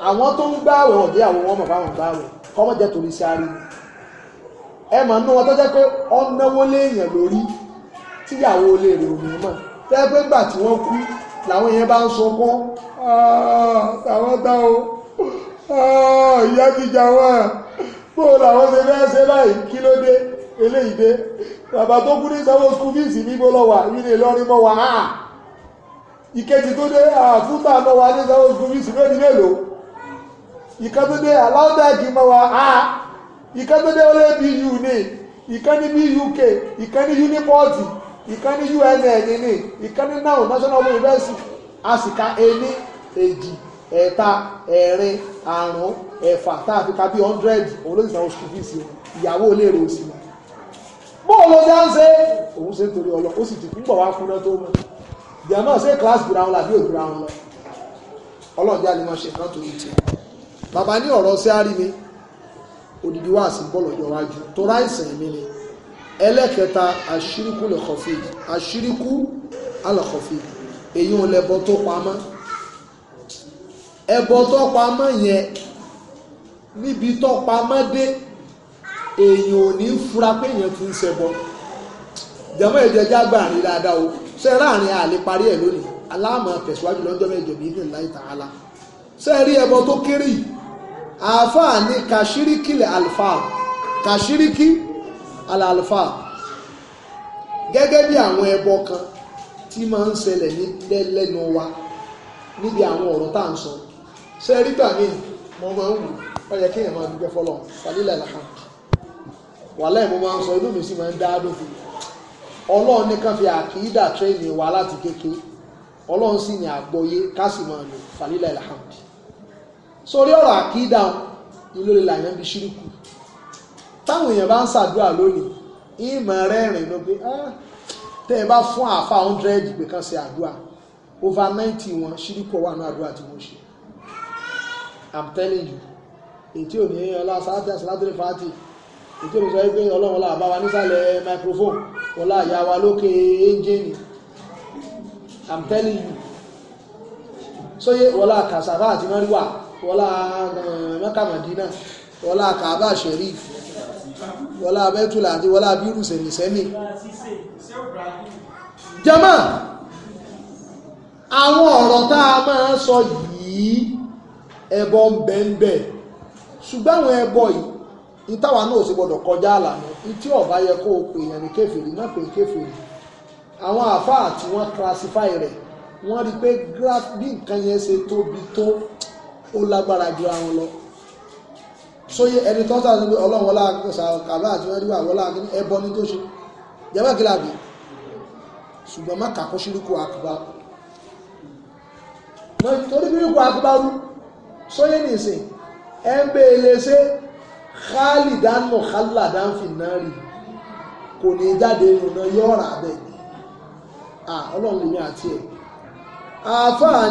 [SPEAKER 1] àwọn tó ń gbààwẹ̀ ọ̀dẹ́ àwọn ọmọ báwọn gbààwẹ̀ kọ́mọ̀ jẹ́ torí sáré ni ẹ mà nú wọn tó jẹ́ pé ọ ń náwó léèyàn lórí tíyàwó olè rè òmìnir mọ̀ tẹ́ pé gbà tí wọ́n kú làwọn yẹn bá ń sunkún ah, àwọn tá o ah, ìyá ti jà wọ́n bóò làwọn ṣe fẹ́ ṣe báyìí kí ló dé eléyìí dé bàbá tó kú ní sanwó skul fíìsì ní gbọ́ lọ́wà ìrìnlẹ̀ lọ́rin mọ́ wà áà ah! ìkejì tó dé àfúntà ah, mọ́ wa ní sanwó skul fíìsì lónìí mélòó ìkan tó dé aláwọ̀dàgì mọ́ wa áà ah! ìkan tó dé olé bu ní ìkan ní buk ìkan ní unipọ́ọ̀tì ìkan ní unn ní ìkan ní now national university a sì ka ení èjì ẹ̀ta ẹ̀rin àrùn ẹ̀fà tá a fi ka bí hundred òun ló sì sanwó school fees wọn ìyàwó oléèrè òsì wọn ló dá ń ṣe òun ṣe ń torí ọlọ ó sì ti fún bọ̀wá kúná tó mọ̀ ìyá náà ṣe class gbìra wọn làbí ògbìra wọn lọ ọlọ́ọ̀dẹ́ àlè wọn ṣe kan torí tiẹ̀ bàbá ní ọ̀rọ̀ sí àrími odidi wá sí bọ́ọ̀lù ọjọ́ iwájú tó ráìsàn mi ni ẹlẹ́kẹta àṣíríkú lẹ́kọ̀ọ́fì àṣíríkú alẹ́kọ̀ọ́fì èyí ò lẹ́bọ tó pamọ́ ẹbọ tó pamọ́ yẹn níbi tó pamọ́ dé èèyàn ò ní fura pé èèyàn fi ń ṣẹbọ jàmọ́ ìjẹjẹ àgbà rí dáadáa o ṣe ráàrin àlè parí ẹ̀ lónìí aláàmọ̀ tẹ̀síwájú lọ́jọ́ mẹ́jọ bí ní láì tààlà ṣe rí ẹbọ tó kéré yìí àáfàá ní kàṣíríkì àlùfà kàṣíríkì àlàlùfà gẹ́gẹ́ bí àwọn ẹbọ kan tí máa ń ṣẹlẹ̀ ní lẹ́lẹ́nu wa níbi àwọn ọ̀rọ̀ tá à ń sọ ṣe rí gbàgbé mo máa ń wò ó ó yẹ kéèyàn máa dúpẹ́ fọlọ́ falílẹ̀ làkàn wàhálà ìmọ̀ máa ń sọ inú mi sì máa ń dá lófin ọlọ́run nìkan fi àkìídà tírẹ́ẹ̀nì wa láti kékeré ọlọ́run sì ní àgbọ́yé ká sì máa lò falílẹ̀ làkàn sórí ọ̀rọ̀ àkìídà ìlú lè làyàn bí ṣírùkù táwọn èèyàn bá ń ṣàdúrà lónìí ìmọ̀ rẹ́rìn ló pé ah, tẹ́ ẹ bá fún àfa hundred pé kan ṣe àdúrà over ninety wọn ṣírùkù wà ní àdúrà tí wọ́n ṣe i'm telling you ètí ò ọlá sáátì àsìlátìrì fàátì ètí ò sọ wípé ọlọ́run ọlá àbáwa nísàlẹ̀ microphone ọlá àyà wa lókè ẹ́ńjìnì i'm telling you sóyè ọlá kàṣàfà àti mẹ́rìwà ọlá eh, mẹ́kàmàdínà ọlá kàbà sheriff ọlá abẹ́tùlà àti ọlá bírù sẹ̀mìsẹ́mì jama àwọn ọ̀rọ̀ tá a máa sọ yìí ẹbọ bẹ́ẹ̀ bẹ́ẹ̀ ṣùgbọ́n àwọn ẹbọ yìí ìtawà náà ò sì gbọdọ̀ kọjá àlànà tí ọba yẹ kó o pè yẹn ní kèfèrí náà pè kèfèrí àwọn àáfàá tí wọ́n classify rẹ̀ wọ́n rí i pé bí nǹkan yẹn ṣe tóbi tó ó lágbára ju àwọn lọ sóyè ẹni tó ń sàrò níbi ọlọ́run wọlá kàbá àti wọ́n rí wà wọlá ẹbọ ní tó ṣe jẹ́bẹ́ kí làbí ṣùgbọ́n má kàkó ṣíríkù àkùbá torí bí ríkù àkùbá rú sóyè nìsín ẹgbẹ́ eléṣẹ́ khalidan mukhaladan finnari kò ní jáde nùnà yọ̀ọ̀rà bẹ́ẹ̀ ọlọ́run ní àti ẹ̀ àáfàá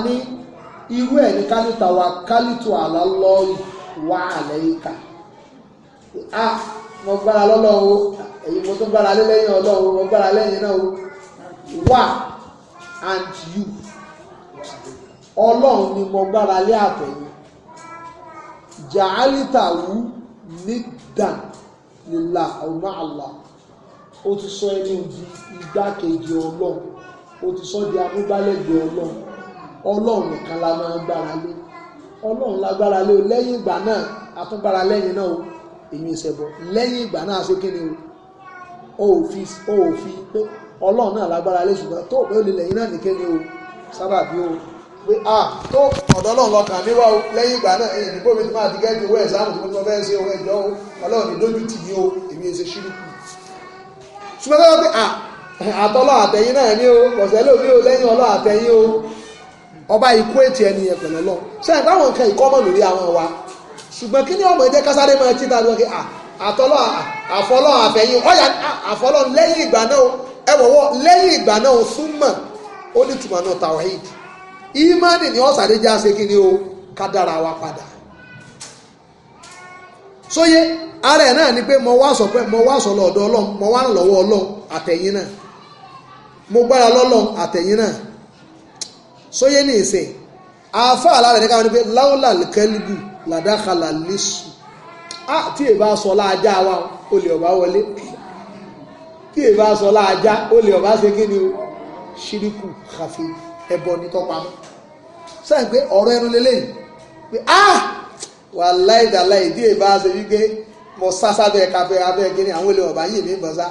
[SPEAKER 1] irú ẹ̀ ní kálítà wa kálítù àlá lọ́ọ̀lù wà àlẹ́yìnká a mo gbára lọ́lọ́wọ́ èyí mo tún gbára lẹ́yìn ọlọ́wọ́ mo gbára lẹ́yìn náà wà and you ọlọ́run ni mo gbára lé àtẹ̀yìn jàálítàwú nídà lílà ọ̀nà àlà ó ti sọ ẹni di igbákejì ọlọ́run ó ti sọ di amúgbálẹ́gbẹ̀ ọlọ́run ọlọ́run nìkan la máa ń gbára lé ọlọ́run la gbára lé o lẹ́yìn ìgbà náà a tún gbára lẹ́yìn náà o èmi ìṣẹ̀bọ lẹ́yìn ìgbà náà ṣé kí ni o ò fi ò fi pé ọlọ́run náà lágbára lé ṣùgbọ́n tó o lè lẹ́yìn náà nìkan ni o sábàbí o pé a tó ọ̀dọ́ náà lọ́kàn mi wá o lẹ́yìn ìgbà náà ẹ̀yìn nígbò mi ti máa ti gẹ́gẹ́ ìwé ẹ̀sáàmù tí mo tún fẹ́ ṣe owó ẹ̀jọ́ o ọlọ́run ìdójú tì ní o èmi ẹ̀ ṣe ṣírùkù. ṣùgbọ́n tó pé àtọ́lọ́ àtẹ̀yìn náà ní o ọ̀sẹ̀ lómi o lẹ́yìn ọlọ́ àtẹ̀yìn o ọba ikú ètì ẹni yẹn pẹ̀lú lọ sẹ́yìn táwọn nǹkan ìkọ́mọ̀ lórí àwọn wa ṣùgbọ́n kí ni ọmọ ẹ̀jẹ̀ kásáré máa ti ta lókè àtọ́lọ́ àfọlọ́ àfẹ̀yìn ọ̀yà àfọlọ́ lẹ́yìn ìgbà náà ẹ̀wọ̀wọ́ lẹ́yìn ìgbà náà súnmọ̀ ó ní tùmọ̀ náà tàwáhídì ìmánì ni ọ̀sàdé já ṣe kí ni o ká dára wa padà sóyè ara ẹ̀ náà ni pé mo wá sọ pé mo wá sọ lọ́dọ̀ ọlọ́run mo wá ràn lọ́wọ́ ọlọ́run àtẹ̀yìn náà mo gbára lọ́lọ́run àtẹ̀yìn náà sóyè ní ìsìn àáfà alára ní káwọn ní pé láúlà kẹlíbù làdákàlà lẹ́sù tí èbá sọ láàjá wa olè ọba wọlé tí èbá sọ láàjá olè ọba ṣe kí ni o ṣíríkù kàfi ẹbọ ní tọpamọ́ sẹ́yìn pé ọ̀rọ̀ ẹnu lélẹ́yìn pé ah wàláì dàláì ìdí èbá ṣe wípé mo sá sábẹ́ káfẹ́ abẹ́ kínní àwọn olè ọ̀bá yìí mi ń bọ̀ sá.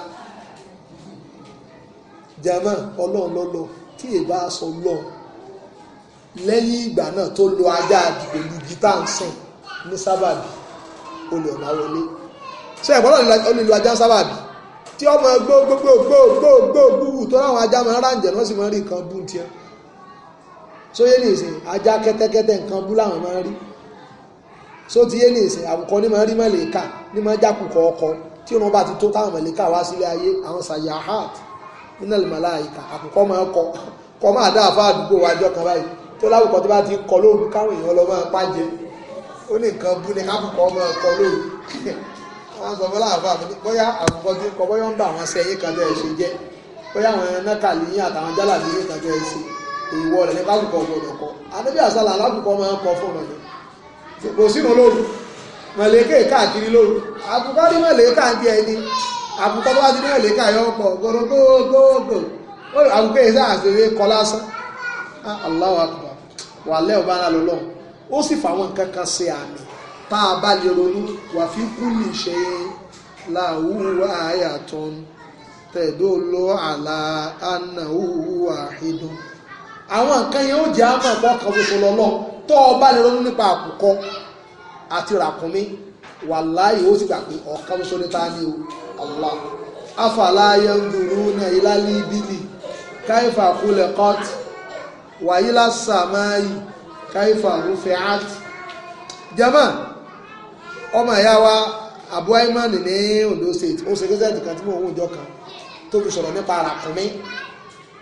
[SPEAKER 1] jama ọlọ́run lọ́lọ́ tí èbá sọ lọ lẹ́yìn ìgbà náà tó lo ajá àdìgbò lu gítà ń sìn ní sábàbí olè ọ̀bá wọlé sẹ́yìn bọ́lá olè lu ajá sábàbí tí ọmọ gbogbogbogbogbogbogbò tó láwọn ajá máa ń ráǹjẹ̀ lọ́sìn máa ń rí nǹkan dùn tiẹ̀ sóyè nìsín ajá kẹ́tẹ́kẹ́tẹ́ nǹkan bú làwọn máa ń rí sótìyé nìsín àwùkọ ní máa ń rí mọ̀lẹ́kà ní máa ń jákùkọ ọkọ tí wọn bá ti tó táwọn mọ̀lẹ́kà wá sílé ayé àwọn sayahat nínú màláíkà àkùkọ máa kọ kọ máa dá àfa àdúgbò wájọ kan báyìí tó láwùkọ tó bá ti kọ lóru káwọn èèyàn lọ máa pàjẹ ó ní nǹkan bú ni kákùkọ máa kọ lóru wọn sọ fọlá àfa àfi bóyá àkùkọ tí kọ bóyá ń bá àwọn sẹyìn kan tẹ ẹ ṣe jẹ ìwọ rẹ̀ ní kálukọ̀ gbọdọ̀ kọ anábì àsálà alákùkọ máa ń kọ fún ọ̀nà ah, Allahu akbar wà lẹ́ ọba ara lọ́lọ́ ó sì fàwọn nǹkan kan ṣe àmì tá a bá lè ronú wà fi kú lè ṣe láwùwá àyàtọ̀ tẹ̀dó lọ́ àlà ànàwùwà ìdùn àwọn nǹkan yẹn ó jẹ́ àmọ́ ẹ̀kọ́ kan ṣoṣo lọ́lọ́ tó o bá lè ronú nípa àkùkọ àti ràkúnmí wàláyé ó sì gbà pé ọ̀kan ṣoṣo ní ni o Allah afàlàyé ń dùrú náà ilá líbílì káyífà kúlẹ̀ kọ́t wàyí lásàmáyì káyífà rúfẹ́ át jama ọmọ ìyá wa abu aiman ní Ondo State ó ṣe gẹ́gẹ́ ìdìkan tí mo ń kan tó fi sọ̀rọ̀ nípa ràkúnmí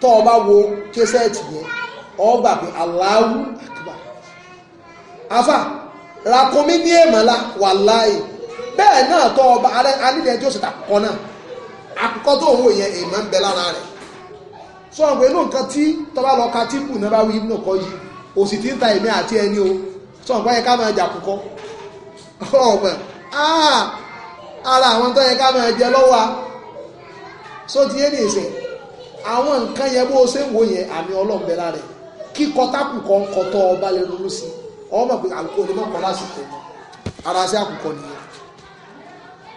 [SPEAKER 1] tó o bá wo késẹ́ẹ̀tì yẹn ọba pé Allahu Akbar afa ràkúnmí ní wà wàláì bẹ́ẹ̀ náà tó ọba anílẹ̀ tí ó sì tàkọ́ náà àkọ́kọ́ tó òun yẹn ń bẹ lára rẹ̀ sọ pé inú nǹkan tí lọ ka tí kù náà bá wí o sọ pé ká máa jà ara àwọn tó yẹ ká máa jẹ lọ́wọ́ a só ti yé ní àwọn nǹkan yẹn bó o ṣe ń wò yẹn àmì ọlọ́ọ̀bẹ lára ẹ̀ kíkọ tákùkọ ńkọ tọ́ ọba lè ronú sí ọmọ pé àlùkò lè mọ̀kọ́ lásìkò mọ́ ara sí àkùkọ nìyẹn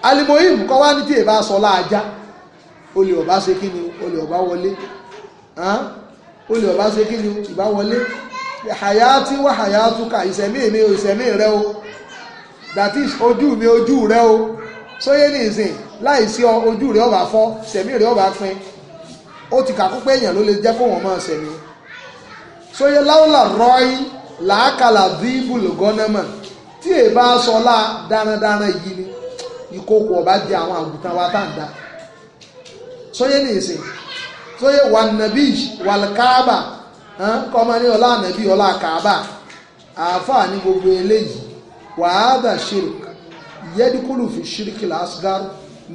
[SPEAKER 1] alimoyim kọ́ wá ní tí èèbá sọ láàjá olè ọba ṣe kí ni olè ọba wọlé olè ọba ṣe kí ni ìbá wọlé hayati wa hayatuka ìsẹ̀mí mi o ìsẹ̀mí rẹ o that is ojú mi ojú rẹ o sóyé nìsín láìsí ojú rẹ ọba fọ́ ìsẹ̀mí rẹ ọba pin ó ti kàkú pé èèyàn ló lè jẹ́ kó wọ́n máa ṣẹ̀mí sóye láwùlà rọ́ọ̀yì làákàlà dìbò lọ́gọ́nẹ́mọ̀ tí èyí bá sọ ọ́lá dáradára yìí ni ìkókò ọba di àwọn àgùntàn wa tá à ń dá sóye ní ìsìn sóye wà nàbí wà káàbà kọ́mọ ní ọlá nàbí ọlá káàbà àáfàá ní gbogbo eléyìí wàhádà shirk yẹ́díkùlù fi shirk lásgàr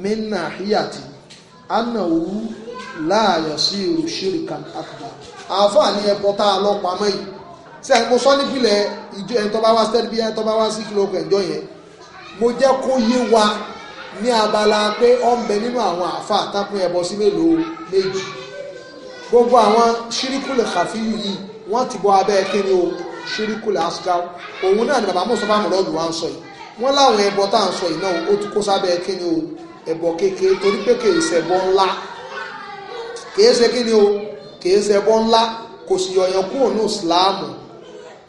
[SPEAKER 1] mí nàhíyàtì ànàwó láàyàn sí irú ṣíríkà àkùbà àáfàá ní ẹbọ tá a lọ pamọ́ yìí ṣe mo sọ nípìnlẹ̀ ìjọ ẹni tó bá wá sẹ́ẹ̀dì bí ẹni tó bá wá sí kìlókù ẹ̀jọ́ yẹn mo jẹ́ kó yé wa ní abala pé ó ń bẹ nínú àwọn àáfàá tápín ẹbọ sí mélòó méjì gbogbo àwọn ṣíríkùlẹ̀ kàfíyù yìí wọ́n ti bọ́ abẹ́ kíni o ṣíríkùlẹ̀ asgar òun náà ni bàbá mọ̀sọ́fà mọ̀lọ́dù wa ń sọ yìí wọ́n láwọn ẹbọ tá à ń sọ yìí náà ó ti kó sábẹ́ kíni o ẹbọ kékeré torí pé kèé ṣẹbọ ńlá kìí ṣe kí ni o kìí ṣe ẹbọ ńlá kò sì yọ̀yàn kúrò ní ìsìláàmù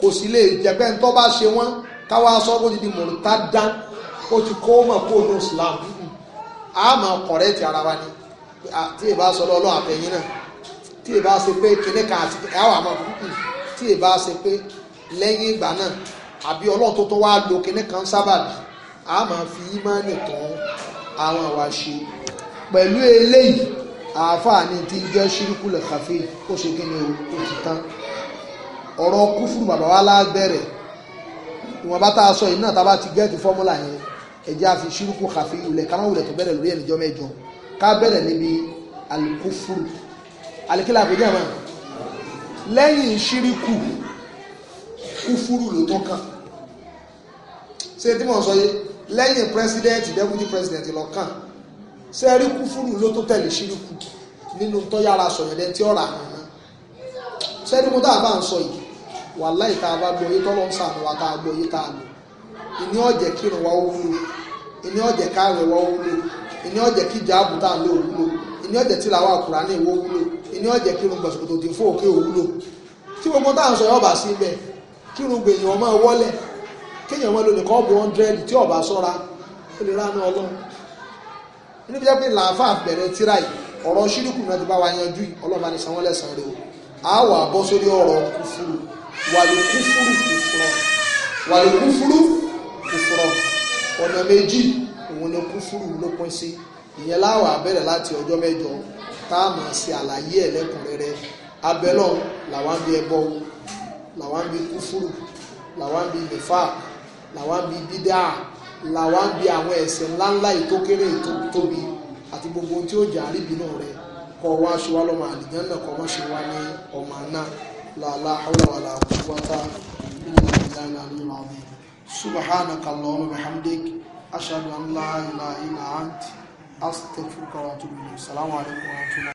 [SPEAKER 1] kò sì lè jẹ́pẹ́ ní tó bá ṣe wọ́n káwá sọ bó ti di mọ̀lútà dán ó ti kó mọ̀ kúrò ní ìsìláàmù a máa kọ̀rẹ́ẹ̀tì ara wa ni tí ìbá sọ lọ́ọ́ àtẹ̀yìn náà tí ìbá ṣe pé kíní kan àti káwá máa kú tí ìbá ṣe pé lẹ́yìn ìgbà náà àbí ọlọ́run wá lo kíní kan sábàbí a máa fi ímánì tán àwọn àwa pẹ̀lú eléyìí àáfàá ni ti ń jẹ́ ṣírúkú lè kàfé ó ṣe kíni o ó ti tán ọ̀rọ̀ kúfùrù bàbá wa lágbẹ̀rẹ̀ ìwọ̀n bá tá a sọ yìí náà tá a bá ti gẹ́ẹ̀tì fọ́múlà yẹn ẹ̀jẹ̀ àfi ṣírúkú kàfé ìwúlẹ̀ ká má wulẹ̀ tó bẹ̀rẹ̀ lórí ẹ̀nìjọ́ mẹ́jọ ká bẹ̀rẹ̀ níbi alikúfùrù alikílà kò jẹ́ àmọ́ lẹ́yìn ṣírúkú kúfùrù ló tó kàn ṣé tí mo sọ yìí lẹ́yìn president deputy president lọ́kàn ṣe rí kúfúrú ló tó tẹ̀lé ṣíríkù nínú tó yára sọ̀rọ̀ ẹ̀dẹ́ tí ọ̀rà hàn án ṣe rí mo tá a bá ń sọ yìí wàláì tá a bá gbọ́ yé tọ́lọ́ ń sàmì wa tá a gbọ́ yé tá a lò ìní ọ̀jẹ̀ wa ó wúlò ìní ọ̀jẹ̀ káàrẹ̀ wa ó wúlò ìní ọ̀jẹ̀ kíjà àbùtà ló wúlò ìní ọ̀jẹ̀ tí làwọn àkùrà ní ìwọ wúlò ìní ọ̀jẹ̀ fún òkè tí gbogbo ń sọ yọba sí ibẹ̀ gbèyàn bu tí ọba sọ́ra ó lè inú bí jẹ́ pé làáfà bẹ̀rẹ̀ tíra yìí ọ̀rọ̀ ṣírùkù náà ti bá wa yanjú yìí ọlọ́ba ní sanwó lẹ́sàn-án rẹ̀ o a wà bọ́ sórí ọ̀rọ̀ kúfúrú wàlúkúfúrú kúfúrọ̀ wàlúkúfúrú kúfúrọ̀ ọ̀nà méjì òun ni kúfúrú ló pín sí ìyẹn láwà bẹ̀rẹ̀ láti ọjọ́ mẹ́jọ tá a máa ṣe àlàyé ẹ̀ lẹ́kùnrẹ́rẹ́ abẹ́lọ́ làwọn bí ẹbọ làwọn bí kúfúrú làwọn bí làwa ń bi àwọn ẹ̀ṣẹ̀ ńláńlá ètò kéré ètò tóbi àti gbogbo tí ó jà á ríbi náà rẹ kọ wá aṣọ wa lọmọ àlìjẹ́ náà kọ má ṣe wá ní ọmọ àná làlá hawla wàlà quwwata illa billahi al-aliyyil azim subhanaka allahumma bihamdik ashhadu an la ilaha illa ant astaghfiruka wa atubu ilayk assalamu